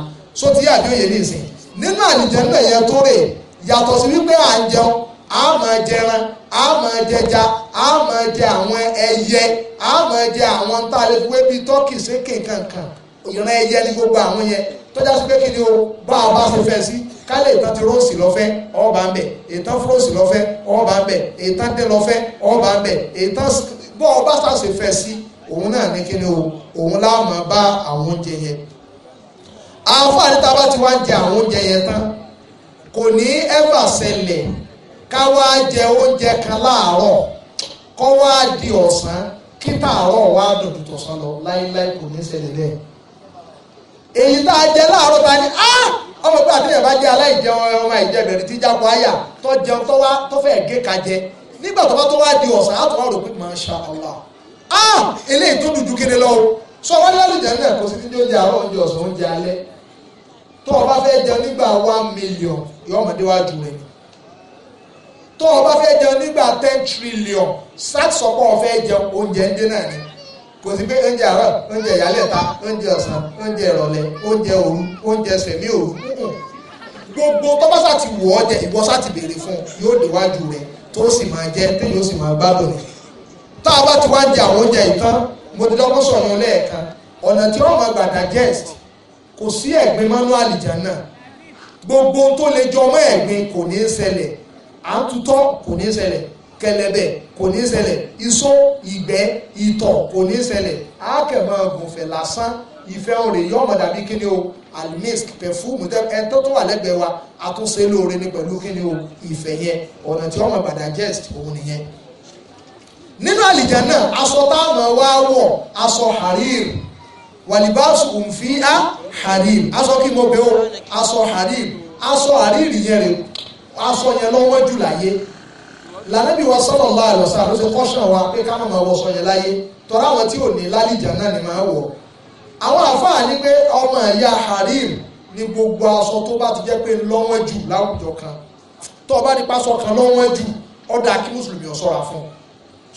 só ti yá àdéhùn yẹn ní ìsìn nínú àlìjẹ náà yẹn tó rè yàtọ̀ sí wípé à ń jẹun à máa jẹran a máa jẹja a máa jẹ àwọn ẹyẹ a máa jẹ àwọn tá a lè fi wé bíi tọ́kì sékè kankan ìran ẹyẹ ní gbogbo àwọn yẹn tọ́já sí pé kí ni o bá a bá ṣe fẹ́ sí kálẹ̀ ìtàn ti rọ́ọ̀sì lọ́fẹ́ ọba ń bẹ̀ ìtàn fúrọ́ọ̀sì lọ́fẹ́ ọba ń bẹ̀ ìtàn dé lọ́fẹ́ ọba ń bẹ̀ ìtàn bọ́ ọba ṣàṣe fẹ́ sí òun náà ní kí ni o òun láàmú bá àwọn oúnjẹ yẹn àǹfààní tá a bá ti wá ń jẹ àwọn oúnjẹ yẹn tán kò ní ẹ́fà ṣẹlẹ̀ ká wá jẹ oúnjẹ kan láàárọ̀ kọ́ wá di ọ̀sán kí tààrọ̀ wá dùn dùn tọ̀sán lọ láíláí kò ní ṣẹlẹ̀ bẹ́ẹ̀ èyí tá a jẹ láàárọ̀ ta ni ah ọmọ pé àtẹ̀yẹ̀ bá jẹ́ aláìjẹun ọmọ ìjẹbẹ̀rẹ̀ tí jáko àyà tó jẹun tó wá tó fẹ́ gé ka jẹ nígbà tó bá tó wá di ọ̀sán á tó wá rò pé masha Allah ah eléyìí tó dùdú kéde lọ́wọ́ sọ wọ́n lálẹ́ jẹ́ náà kò sí ní oúnjẹ àárọ̀ oúnjẹ ọ̀sán oúnjẹ alẹ́ tó o bá fẹ́ jẹun nígbà one million ìwọ́n ọmọdé wá ju rẹ̀ tó o bá fẹ́ jẹun nígbà ten trillion sars ọ̀pọ̀ ọ̀fẹ́ jẹun oúnjẹ ń dé náà ni kò sí pé oúnjẹ àárọ̀ oúnjẹ ìyálẹ̀ta oúnjẹ ọ̀sán oúnjẹ ìrọ̀lẹ́ oúnjẹ òru oúnjẹ sẹ̀mí òru gbogbo tọ́pọ́sà ti wọ̀ ọ́ jẹ ìwọ́sà ti béèrè fún yóò déwájú rẹ̀ tó sì máa jẹ tó yóò sì máa gbádùn rẹ̀ tá a bá ti wá jẹ àwọn oúnjẹ ìtàn mo ti dọ́gbọ́n sọ̀rọ̀ lẹ́ẹ̀kan ọ̀nà tí wọ́n máa gbà digest kò sí ẹ̀gbin mọ́nú àlìjá náà gbogbo tó lè jọ mọ́ ẹ̀gbin kò ní í ṣẹlẹ̀ à ń tutọ́ kò ní ṣẹlẹ̀ kẹlẹbẹ kò ní ṣẹlẹ̀ iṣó ìgbẹ́ ìtọ̀ kò ní ṣẹlẹ̀ àákẹ́mọ́ gùnfẹ̀ lásán ìfẹ́ òrè yọ ọmọ dàbí kíni o almisk pẹfúmù tẹ ẹ tó tún wà lẹ́gbẹ̀ẹ́ wa àtúnṣe lóore ni pẹ̀lú kíni o ìfẹ́ yẹn ọ̀nà tí ọmọ bàdà jest òun nìyẹn. nínú àlìjá náà aṣọ táwọn wá wọ̀ aṣọ harir wàlíbáṣu òǹfíà harir aṣọ kí mo bẹ̀ o aṣọ harir aṣọ harir yẹn rèé aṣọ yẹn lọ́wọ́ jù láyé lànàbí wa sọ̀rọ̀ ńlá ẹ̀rọ sáà ló ṣe kọ́ṣàn wa pé ká má máa wọṣọ yẹn láyé tọ́ra àwọn tí ò ní lálìjà náà ni máa wọ̀ àwọn àfáà ní pé ọmọ ẹ̀yà harim ni gbogbo aṣọ tó bá ti jẹ́ pé lọ́wọ́ jù láwùjọ kan tó bá ní pásọ kan lọ́wọ́ jù ọ̀dà kí mùsùlùmí ọ̀ sọ́ra fún un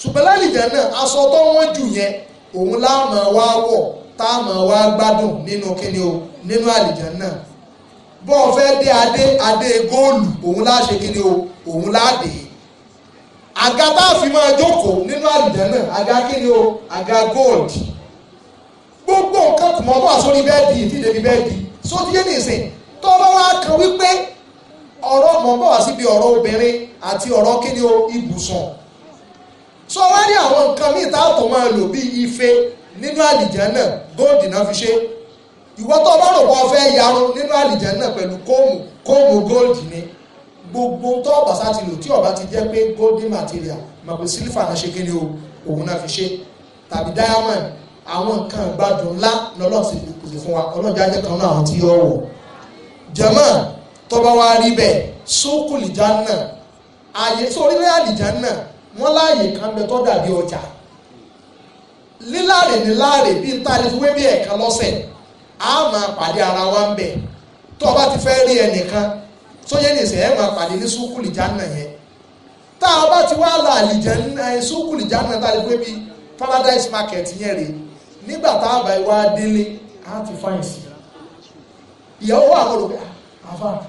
ṣùgbọ́n lálìjà náà aṣọ tó wọ́n jù yẹn òun láàmú wa wọ̀ táàmù wa gbádùn nínú kíni o nínú àlìjà náà bọ́ ọ fẹ́ dé adé adé góòlù òun láà ṣe kí ni o òun láà dé àga tá a fi máa jókòó nínú àlùjànnà àga kí ni o àga gold gbogbo nǹkan kùmọ̀ ọmọ àsórí bẹ́ẹ̀dì ìdílé mi bẹ́ẹ̀dì sódíyé nìsín tọ́lọ́ wa kan wípé ọ̀rọ̀ mọ̀ bọ̀ wá síbi ọ̀rọ̀ obìnrin àti ọ̀rọ̀ kí ni o ibùsùn sọ wá ní àwọn nǹkan míì tá a tó máa lò bíi ife nínú àlùjànnà góòdì náà fi ṣe ìwọ tó bá rò pé o fẹ́ yarun nínú àlìjẹ́nà pẹ̀lú kóòmù kóòmù gold ni gbogbo tó ọ̀bà sá ti lò tí ọ̀bà ti jẹ́ pé golden material mọ̀ pé sílífà náà ṣe kíni o òun náà fi ṣe tàbí diamond àwọn nǹkan ìgbádùn ńlá lọ́lọ́sìn kò sì fún wa ọlọ́jà jẹ́ kan náà àwọn tí yọ wọ̀ jẹ́mọ́ tó bá wá rí bẹ́ẹ̀ sókùlì jánà ààyè sórí lẹ́yìn àlìjánà wọ́n láàyè kan bẹ tó dàbí ọjà líláàrè ní láàrè bí n ta ẹ̀ka lọ́sẹ̀ a máa pàdé ara wa ń bẹ̀ tó o bá ti fẹ́ rí ẹnìkan sóyè nìṣẹ́ ẹ máa pàdé ní sukùlì jánà yẹn tá a bá ti wá la àlìjẹ́ sukùlì jánà tá a lè pé bíi paradise market yẹn rèé nígbà tá a bá wá délé a ti fáyìn sí ìyàwó wà lọ́dọ̀ pé ah, àfa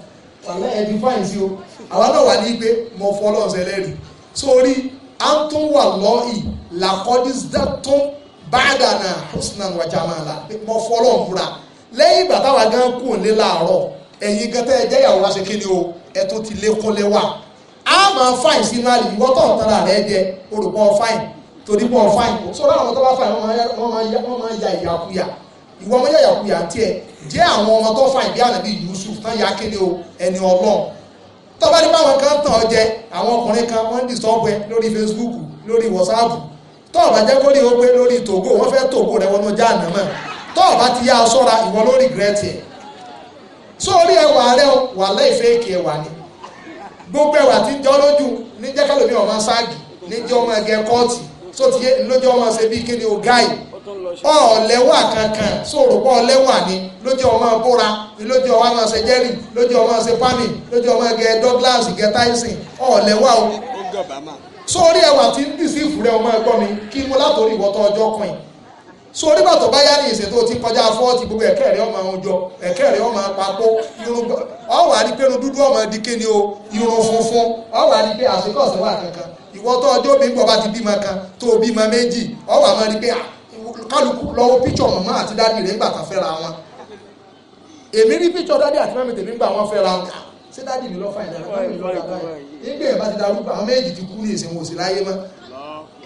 wàlẹ́ ẹ ti fáyìn sí o àwa náà wà ní pé mo fọ́ lọ́sẹ̀ lẹ́rìí sórí à ń tún wà lọ́ọ̀ì làkọ́dí dátún báàdà na husnan wa jamala mọ fọlọ́ nfura lẹ́yìn ìgbà táwa gan kù ní láàárọ̀ ẹ̀yin gan tẹ́ ti lékún wa. A máa fáìn sínú àlè ìwọ́ tó ń tara jẹ olùkọ́ torí sọ́dọ̀ àwọn tó bá wọ́n máa ya ìyàkuyà ọmọ tó bí ànàbí Yusuf ya kí ni o ẹni tọ́ba ní báwọn kan tàn jẹ àwọn ọkùnrin kan wọ́n ń tó o bá jẹ́ kó rí o pé lórí tògó wọ́n fẹ́ tògó rẹ wọnú jáàná mọ́ tó o bá ti yá ọ sọ́ra ìwọ ló regret ẹ̀ sọ orí ẹwà rẹ wà láì fẹ́ẹ̀kì ẹwà ni gbogbo ẹwà tí ń jọ lójú ní jẹ́ kálómi ọmọ ságì ní jẹ́ ọmọ ẹgẹ kọ́ọ̀tì tó ti yé lójú ọmọ ṣe bí kíni o gáì ọ̀ọ́lẹ́wà kankan sọ̀rọ̀ pọ̀ ọ̀lẹ́wà ni lójú ọmọ bóra lójú ọmọ ọmọ ṣe jerry lójú ọmọ ṣe pami lójú ọmọ ẹgẹ douglas ẹgẹ tyson ọ̀ọ́lẹ́wà o. ó gọ̀bá máa sórí ẹwà tí ń bì sí ìfúrẹ́ ọmọ ẹ̀gbọ́n mi kí mo látòrí ìwọ́tọ̀ ọjọ́ kùn sórí bàtọ̀ bá yá ní ìṣètò ti kọjá fọ́ọ̀tì gbogbo ẹ̀kẹ́ rẹ̀ ọmọ ọjọ́ ẹ̀kẹ́ rẹ̀ ọmọ apapó irun ọwà ní pé irun dúdú ọmọ di kí ni o irun funfun ọwà ní pé àṣekọ̀ sí wà kankan ìwọ́tọ̀ ọjọ́ mi gbọ́ bá ti bímọ kan tó bímọ méjì ọwà máa ní pé ah, kálukú lọ́wọ́ píṣọ̀ mọ̀mọ́ àti dádì rẹ̀ ńgbà kan fẹ́ra wọn èmi rí píṣọ̀ dádì àti mẹ́mìtì nígbà wọn fẹ́ra wọn ṣé dáàdì mi lọ́fà ìdáná káwọn ìlú ọ̀dà báyìí nígbà yẹn bá ti darúgbó àwọn méjì ti kú ní ìsìn wọn ò sì láyé mọ́.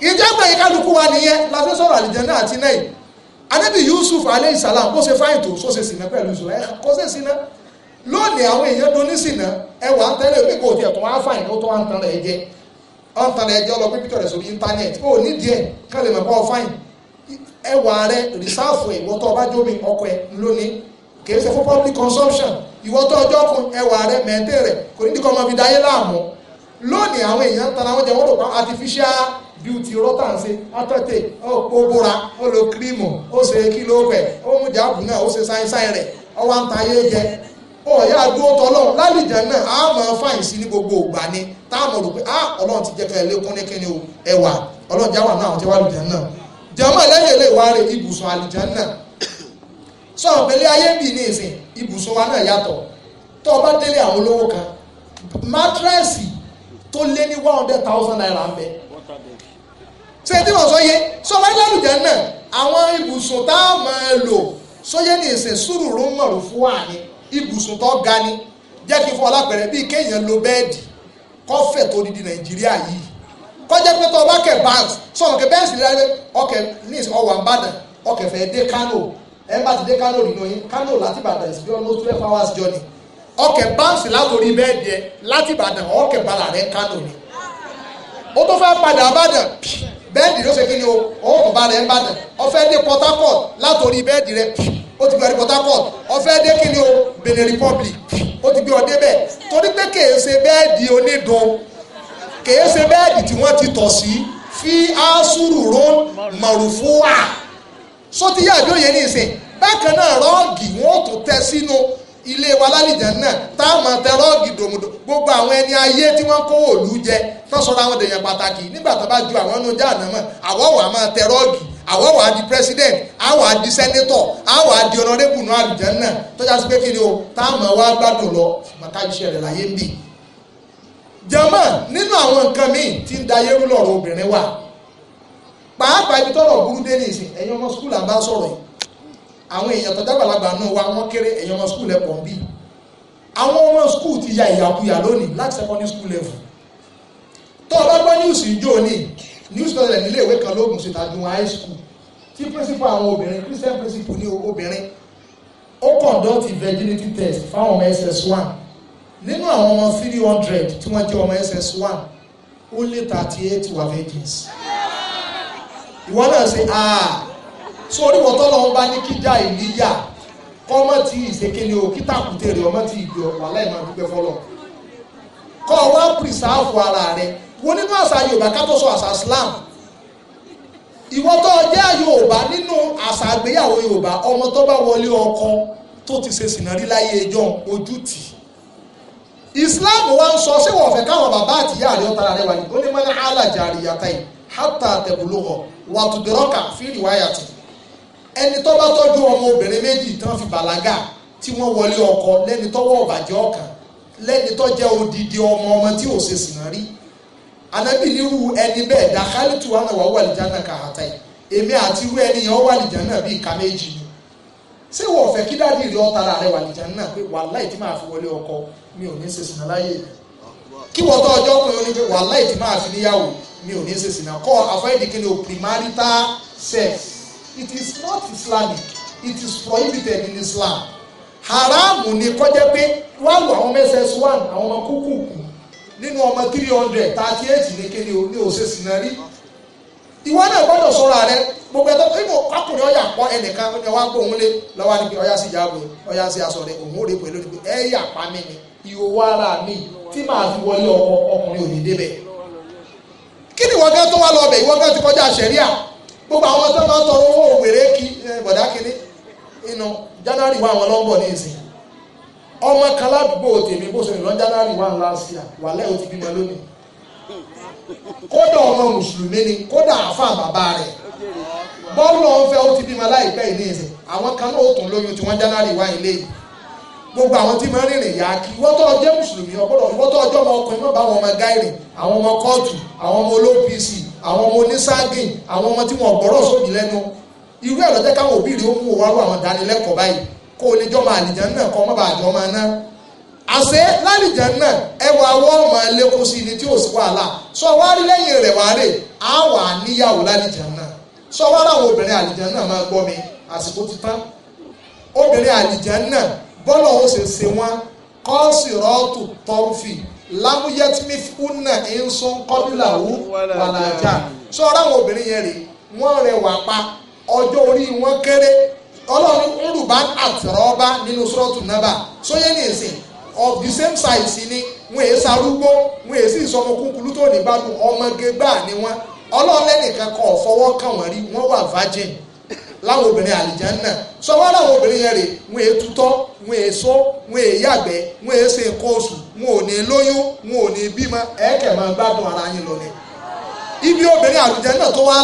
ìjẹ́gbẹ̀ yìí kálukú wa nìyẹn la fẹ́ sọ̀rọ̀ àlìjẹ náà àti náà Ànábì Yusuf aleyhi salam kó ṣe fáyìn tó ṣe sìnà pẹ̀lú ìṣòro ẹ̀ kó ṣe sìnà lónìí àwọn èèyàn doní sìnà ẹ wà á tẹ́lẹ̀ omi kò tiẹ̀ tó wá fáyìn ó tó wá ń tan rẹ̀ jẹ ọ̀ ń tan rẹ̀ jẹ ọlọ́pẹ́ pítọ̀ rẹ̀ sórí íńtánẹ́ẹ̀tì ó ní díẹ̀ kálẹ̀ mọ̀ pọ̀ fáyìn ẹwà rẹ̀ rìsáàfù ẹ̀ wọ́tọ̀ ọbájómi ọkọ̀ ẹ̀ lónìí kìí ṣe fún public consumption ìwọ́tọ̀ ọjọ́ kun ẹwà rẹ mẹ́tẹ́ rẹ kò ní dìkọ́ ọmọ dáyé láàmú lónìí àwọn èèyàn ń tanra jẹ wọn pa artificial beauty rọ́tàǹsẹ̀ atẹ́tẹ̀ ó bóra ó lo kírímù kí ló pẹ̀ ó jáàbù náà ó ṣe sáínsáì rẹ̀ ń ta ayé jẹ náà o ẹwà ọlọ́run jáwà náà àwọn tí náà ìwà ibùsùn sọ̀rọ̀ pẹ̀lú ayé bì ní ìsìn ibùsùn wa náà yàtọ̀ tó o bá délé àwọn olówó kan mátrẹ́sì tó lé ní one hundred thousand naira ń bẹ ṣe tí wọ́n sọ yé sọmọ ìlàlùjẹ náà àwọn ibùsùn tá a máa lò sóyé ní ìsìn sùúrù ń mọ̀rù fún wa ni ibùsùn tó ga ni jẹ́ kí n fún ọlápẹ̀rẹ̀ bíi kéèyàn lo bẹ́ẹ̀dì kọ́fẹ̀ tó di di nàìjíríà yìí kọjá pé tó o bá kẹ̀ báńkì sọ̀rọ̀ kẹ̀ bẹ́ẹ̀ sì rí ọkẹ̀ ní ìsìn ọwọ́ àbàdàn ọkẹ̀ fẹ́ dé kánò ẹ bá ti dé Kano nínú yín Kano láti Ìbàdàn is almost twelve hours journey ọkẹ̀ báǹsì látòrí bẹ́ẹ̀dì ẹ láti Ìbàdàn ọkẹ̀ balà rẹ Kano ni ó tó fẹ́ padà Ìbàdàn bẹ́ẹ̀dì ló ṣe kí ni o ọkọ̀ balà rẹ Ìbàdàn ó fẹ́ dé Port Harcourt látòrí bẹ́ẹ̀dì rẹ ó ti gbé ọdẹ Port Harcourt ó fẹ́ dé kí ni o Benin Republic ó ti gbé ọdẹ bẹ́ẹ̀ torí pé kèé ṣe bẹ́ẹ̀dì onídùn kèé ṣe bẹ́ẹ̀dì tí wọ́n ti tọ̀ sí fi asuru ron marufuwa sótíyà àbí òye ní ìsìn bákan náà rọ́ọ̀gì wọn ò tún tẹ sínú ilé wa lálìjẹ́ náà tá a mọ̀ tẹ rọ́ọ̀gì dòmùdò gbogbo àwọn ẹni ayé tí wọ́n kó òòlù jẹ tán sọ̀rọ̀ àwọn èèyàn pàtàkì nígbà tó bá ju àwọn ẹnu jáàná mọ̀ àwọ̀ wà máa tẹ rọ́ọ̀gì àwọ̀ wà á di president àwọ̀ á di senator àwọ̀ á di honorable náà àlìjẹ́ náà tọ́já sí pé kí ni o tá a mọ̀ wá gbádùn lọ màkà iṣẹ́ rẹ̀ láyé ń bì. jẹ́mọ̀ nínú àwọn nǹkan míì tí ń da yẹ́rú lọ́rọ̀ obìnrin wà pàápàá ibi tọ́rọ̀ burú dé nìsín ẹ̀yin ọmọ skul àbá sọ̀rọ̀ yìí àwọn èèyàn tó jágbàlagbà náà wá wọ́n kéré ẹ̀yin ọmọ skul ẹ̀pọ̀ ń bì àwọn ọmọ skul ti ya ìyàkuyà lónìí láti secondary school level tó o bá gbọ́ news ìjó ni news tó tẹ̀lé nílé ìwé kan lóògùn sí tàbí high school tí principal àwọn obìnrin christian principal ní obìnrin ó conduct the virginity test fáwọn ọmọ ss1 nínú àwọn ọmọ three hundred tí wọ́n jẹ́ ọmọ ss1 Only thirty eight were virgins ìwọ náà ṣe àà so oníwọ̀ tọ́lọ̀ ń bá ní kíjà ìníyà kọ́mọ́ tí ìṣèkéle o kíta kùtè rẹ̀ ọmọ tí ìgbẹ́ wà láì máa dúpẹ́ fọlọ́ kọ́ ọ wá pìrìsáàfù ara rẹ̀ wo nínú àṣà Yorùbá ká sọ àṣà Islam ìwọ tó jẹ́ Yorùbá nínú àṣà àgbéyàwó Yorùbá ọmọ tó bá wọlé ọkọ tó ti ṣe sìnárí láyé ẹjọ́ ojú tì Islam wa ń sọ ṣé wọ́n fẹ́ káwọn bàbá àtìyá rẹ̀ ọ̀tara rẹ̀ wà ní hátà àtẹ̀bùlùkọ̀ wàtúndínlọ́kà fíìlì wáyàtì ẹni tó bá tọ́jú ọmọ obìnrin méjì tí wọ́n fi bàlágà tí wọ́n wọlé ọkọ lẹ́ni tọ́wọ́ ọ̀bàjẹ́ ọkàn lẹ́ni tó jẹ́ odidi ọmọ ọmọ tí ò ṣe sìnà rí anabi nírú ẹni bẹ́ẹ̀ dàkálìtù àná wà wà lìjánà kà hàtà yìí èmi àti irú ẹni yẹn wà lìjánà bíi ká méjì ni ṣé wọ́n fẹ́ kí dáàdi rí ọ̀tá rẹ̀ wà lìjánà pé wàláì tí máa fi wọlé ọkọ mi ò ní ṣe láyé kí wọ́n tọ́ ọjọ́ ọkùnrin oníjẹ́ wàláì tí máa fi níyàwó mi ò ní ṣe sìnà kọ́ avoid kí o premarital sex it is not Islamic it is prohibited in Islam haramu ni kọjá pé wá lu àwọn mss one àwọn ọmọ kúkú nínú ọmọ three hundred thirty eight ní o ní òṣè sinari ìwọ náà gbọ́dọ̀ sọ̀rọ̀ rẹ gbogbo ẹ̀tọ́ nínú ọkùnrin ọyà pọ ẹnìkan ọyà wá gbóhùn lé lọ́wọ́ àdìgbì ọyà sí ìyá àgbọn ọyà sí aṣọ rẹ òun ò rè pẹ̀lú ẹyà pàmì ni ìhòòhò ara mi tí màá fi wọlé ọkọ ọkùnrin òní débẹ̀. kí ni ìwọ́n gán tó wà lọ́bẹ̀ gán ti gbogbo àwọn tó máa ń tọrọ owó òwèrè kí eh, bọ̀dá kínní inú january wà wọn lọ́nbọ̀ ní ìsìn ọmọ kan ládùúgbò tèmi bó ṣe january wà last year wà lẹ́yìn ti bímọ lónìí kódà ọmọ mùsùlùmí ni kódà àfa bàbá bọ́ọ̀lù ti bímọ láìpẹ́ ìní ìsìn gbogbo àwọn tí máa ń rìnrìn yá kí wọ́n tó jẹ́ mùsùlùmí ọgbọ́dọ̀ wọ́n tó ọjọ́ ọmọ ọkùnrin mọ̀ bá àwọn ọmọ gáìrì àwọn ọmọ kóòtù àwọn ọmọ olópc àwọn ọmọ oníságìn àwọn ọmọ tí wọn gbọ́rọ̀ sódì lẹ́nu irú ẹ̀rọ jẹ́ káwọn òbí rẹ̀ ó mú wa lọ àwọn ìdánilẹ́kọ̀ọ́ báyìí kó o lè jọ máa àlìjàn náà kọ́ mọ́ bá àjọ máa àṣẹ lálìjàn náà ẹwà wọ́n máa lékún sí ni tí ò sí wàhálà sọ wá rí lẹ́yìn rẹ̀ wá rè á wà níyàwó lálìjàn náà sọ wá obìnrin àlìjàn náà máa gbọ́ mi àsìkò ti tán obìnrin àlìjàn náà bọ́lọ̀ ó ṣe ṣe wọ́n kọ́ọ̀sì rọ́ọ̀tù tọ́rùfì lámúyẹ́tìmífúnà ẹ̀ńsọ́n kọ́bílàwú wàlàjà sọ ọ́ráwọn obìnrin yẹn rè wọ́n rẹwà pa ọjọ́ orí wọn kéré ọlọ́run ńlùbá àtìrọ́ọ́bá nínú sọ́ọ̀tù nábà sóyè ní ìsìn of the same size ni wọn èé sarúgbó wọn èé sì sọmọ kúkúrú tó ní bá dùn ọmọge gbáà ni wọn ọlọ́run lẹ́nìkan kọ̀ fọwọ́ kàn wọ́n rí wọ́n wà virgin láwọn obìnrin àlìjánná náà wọn láwọn obìnrin yẹn rè wọn èé tutọ́ wọn èé só wọn èé yàgbẹ́ èé nǹkan oṣù ò ní lóyún wọn ò ní bímọ ẹ̀ẹ́kẹ̀ máa gbádùn ara yín lọ ni. ibi obìnrin àlìjánná tó wá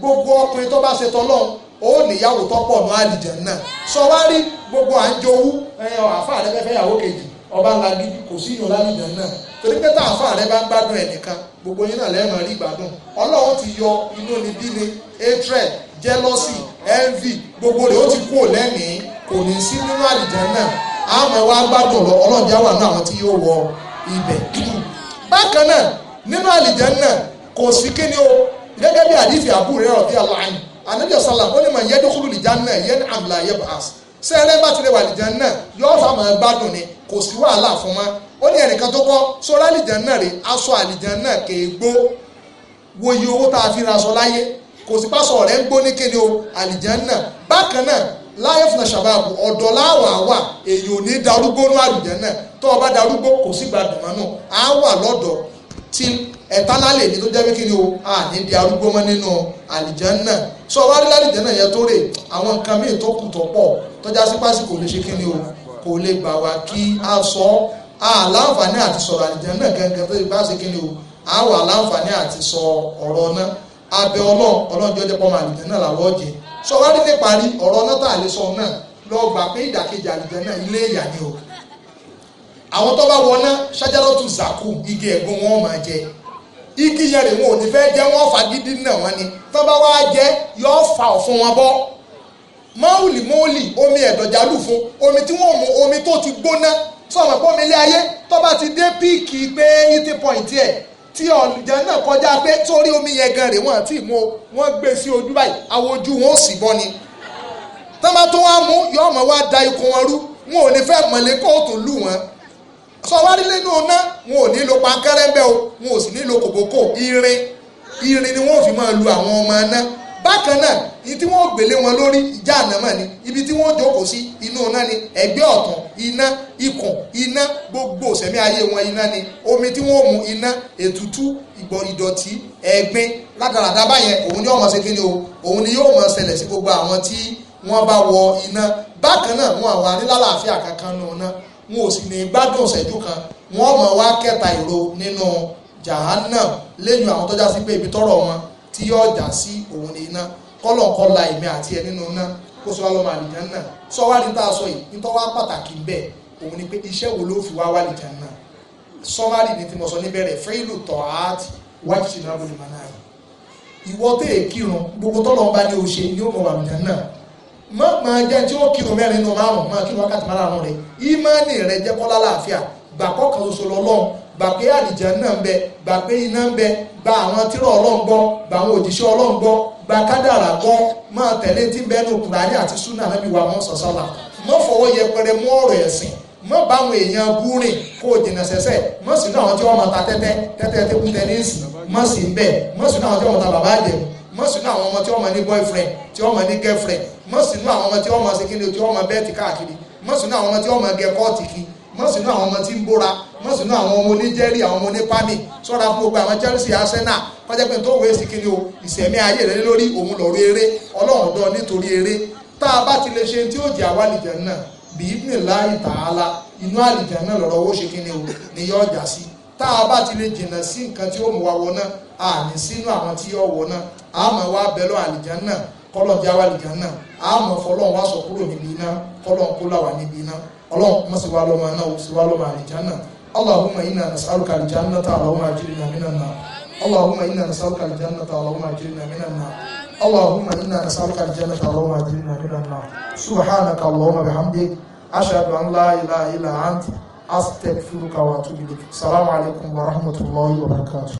gbogbo ọkùnrin tó bá ṣe pọ̀ ní wá rí gbogbo à ń jowú àfáà rẹ jealousy envy gbogbo rẹ̀ ó ti kú lẹ́nìí kò ní sí nínú àlìjánà àmọ́ wa gbádùn lọ ọlọ́run já wà ní àwọn tí yóò wọ ibẹ̀. bákan náà nínú àlìjánà kò sí kíni o gẹ́gẹ́ bí àdìsí àbúrò rẹ̀ ọ̀bí aláàánú ànájọ sálà ó ní mà yẹ́ dúkúrú lìjánà yẹ́ ní àmìlà yẹ́ bá a sùn sẹ́ẹ̀rẹ́ bá ti lè wà lìjánà yóò fà máa gbádùn ni kò sí wàhálà fún ma ó ní ẹnìkan tó kọ́ sọ́ra àlìjánà rè aṣọ àlìjánà kèé gbó wo iye owó tá a fi ra aṣọ láyé kò sí pásọ ọ̀rẹ́ ń gbó ní kíni o àlìjánà bákan náà láyé fúnà ṣàbàbù ọ̀dọ̀ láwà wà èyí ò ní darúgbó ní àlìjánà tó o bá darúgbó kò sí gbàdùn mọ́nù á wà lọ́dọ̀ tí ẹ̀ta lálẹ́ ní tó jẹ́ pé kíni o à ní di arúgbó mọ́ nínú àlìjánà sọ wá rí lálìjánà yẹn tó rè àwọn nǹkan míì tó kù tó pọ̀ tọ́já sí pásìkò lè ṣe kíni o kò lè gbà wá kí a sọ àlàǹfààní àti sọ̀rọ̀ àlìjánà gẹ́gẹ́ tó ti bá ṣe kíni o àwọ̀ àti sọ ọ̀rọ̀ náà abẹ ọlọ́run ọlọ́run jọjọ pọ́ máa lùjẹ́ náà làwọ̀ jẹ sọ wá rí ní parí ọ̀rọ̀ náà tà lè sọ náà lọ gbà pé ìdàkejì àlùjẹ náà ilé ìyà ni o àwọn tó bá wọná ṣájárọ́tù zaku igi ẹ̀gún wọn máa jẹ igi yẹn rè wọn ò ní fẹ́ jẹ wọn fà gidi náà wọn ni tó bá wá jẹ yọ fà ọ̀fun wọn bọ́ máwùlì máwùlì omi ẹ̀dọ̀jálù fún omi tí wọ́n mu omi tó ti gbóná sọ̀rọ̀ pọ́nmi ilé ayé tó bá ti dé píìkì pé eighty point yẹn tí ọ̀nìjà náà kọjá pé torí omi yẹn gan rè wọ́n àti ìmú wọ́n gbé sí ojú báyìí àwọn ojú wọn ò sì bọ́ ni tọ́mọ tó wá mú yọ ọmọ wá da ikùn wọn rú wọn ò ní fẹ́ mọ̀lẹ́ kóòtù lù wọn sọ wá ọ̀nà wọn ò ní lo pankẹ́rẹ́ o wọn ò sì ní lo kòkókò irin irin ni wọn fi máa lu àwọn ọmọ náà bákan náà ibi tí wọ́n gbélé wọn lórí ìjà ànámọ́ ni ibi tí wọ́n jókòó sí inú iná ni ẹ̀gbẹ́ ọ̀tún iná ikùn iná gbogbo sẹ̀mí ayé wọn iná ni omi tí wọ́n mu iná ètùtù ìgbọ̀ ìdọ̀tí ẹ̀gbin rádaràdá báyẹn òun ni ọmọ ṣe kí ni o òun ni yóò mọ ṣẹlẹ̀ sí gbogbo àwọn tí wọ́n bá wọ iná bákan náà wọn àwọn anílàlàáfíà kankan nù náà wọn ò sì ní gbádùn ṣẹ́jú kan wọn mọ̀ wá kẹta ìró nínú jahannam lẹ́yìn àwọn tọ́já sí pé ibi tọ́rọ̀ wọn tí yóò já sí òun ní iná kọ́lọ̀ kọ́ la èmi àti ẹ nínú iná kó sọ wá lọ́mọ àlìjàn náà sọ wá ní tá a sọ yìí nítorí wá pàtàkì ń bẹ òun ni pé iṣẹ́ wo ló fi wá wá àlìjàn náà sọ́márì ni tí mo sọ níbẹ̀rẹ̀ fẹ́ẹ́lù tọ̀ áàtì wájú sí náà lórí màná rẹ̀ ìwọ tó yẹ kírun gbogbo tọ́lọ́ bá ní o ṣe ni ó mọ̀ àlìjàn náà má máa jẹ́ tí ó kírun mẹ́rin nínú márùn-ún máa kírun wákàtí márùn-ún rẹ̀ ìmánì rẹ̀ jẹ́ kọ́lá láàfíà gbàkọ́ kan ṣoṣo lọ́lọ́run gbà pé àlìjẹ́ náà ń bẹ gbà pé iná ń bẹ gba àwọn tírọ̀ Ọlọ́run gbọ́ gba àwọn òjíṣẹ́ Ọlọ́run gbọ́ gba kádàrà gbọ́ máa tẹ̀lé tí ń bẹ nù kùránì àti súnà Ànábì wa mọ́ sọ̀sọ́là mọ́ fọwọ́ yẹpẹrẹ mú ọ̀rọ̀ ẹ̀sìn mọ́ bá àwọn èèyàn búrìn kó o jìnà sẹ́sẹ́ mọ́ sínú àwọn tí wọ́n máa ta tẹ́tẹ́ tẹ́tẹ́ tí wọ́n máa mọ sínú àwọn ọmọ tí wọn mọ ní boyfriend tí wọn mọ ní girlfriend mọ sínú àwọn ọmọ tí wọn mọ sekele tí wọn mọ bẹẹtì káàkiri mọ sínú àwọn ọmọ tí wọn mọ gẹ kọọtì kí mọ̀ sínú àwọn ọmọ tí ń bóra mọ̀ sínú àwọn ọmọ oníjẹ́rì àwọn ọmọ onípámì sọ́ra fún gbogbo àwọn Chelsea Arsenal kọjá pé tó wéé sí kiri o ìsẹ̀mí ayé rẹ lórí òun lọ́rọ̀ eré ọlọ́run dán nítorí eré tá a bá ti lè ṣe tí ó jẹ́ àwa àlìjẹ́ náà bíi ní láì tààlà inú àlìjẹ́ náà lọ́rọ̀ owó ṣe kiri o ní yọ ọjà sí tá a bá ti lè jìnnà sí nǹkan tí ó mú wa wọ náà àní sínú àwọn tí yọ wọ náà àmọ́ wa bẹ̀rẹ̀ àlìjẹ́ náà náà àmọ́ fọlọ́run wá sọ kúrò níbi iná kọ́lọ̀ kó là níbi iná ọlọ́run má sì wá lọ́mọ náà ó sì wá lọ́mọ àlìjánà allahumma inna nas'aluka aljannata allahumma ajirna minan nar allahumma inna nas'aluka aljannata allahumma ajirna minan nar اللهم إنا نسألك الجنة اللهم أجرنا من النار سبحانك اللهم بحمدك أشهد أن لا إله إلا أنت أستغفرك وأتوب إليك السلام عليكم ورحمة الله وبركاته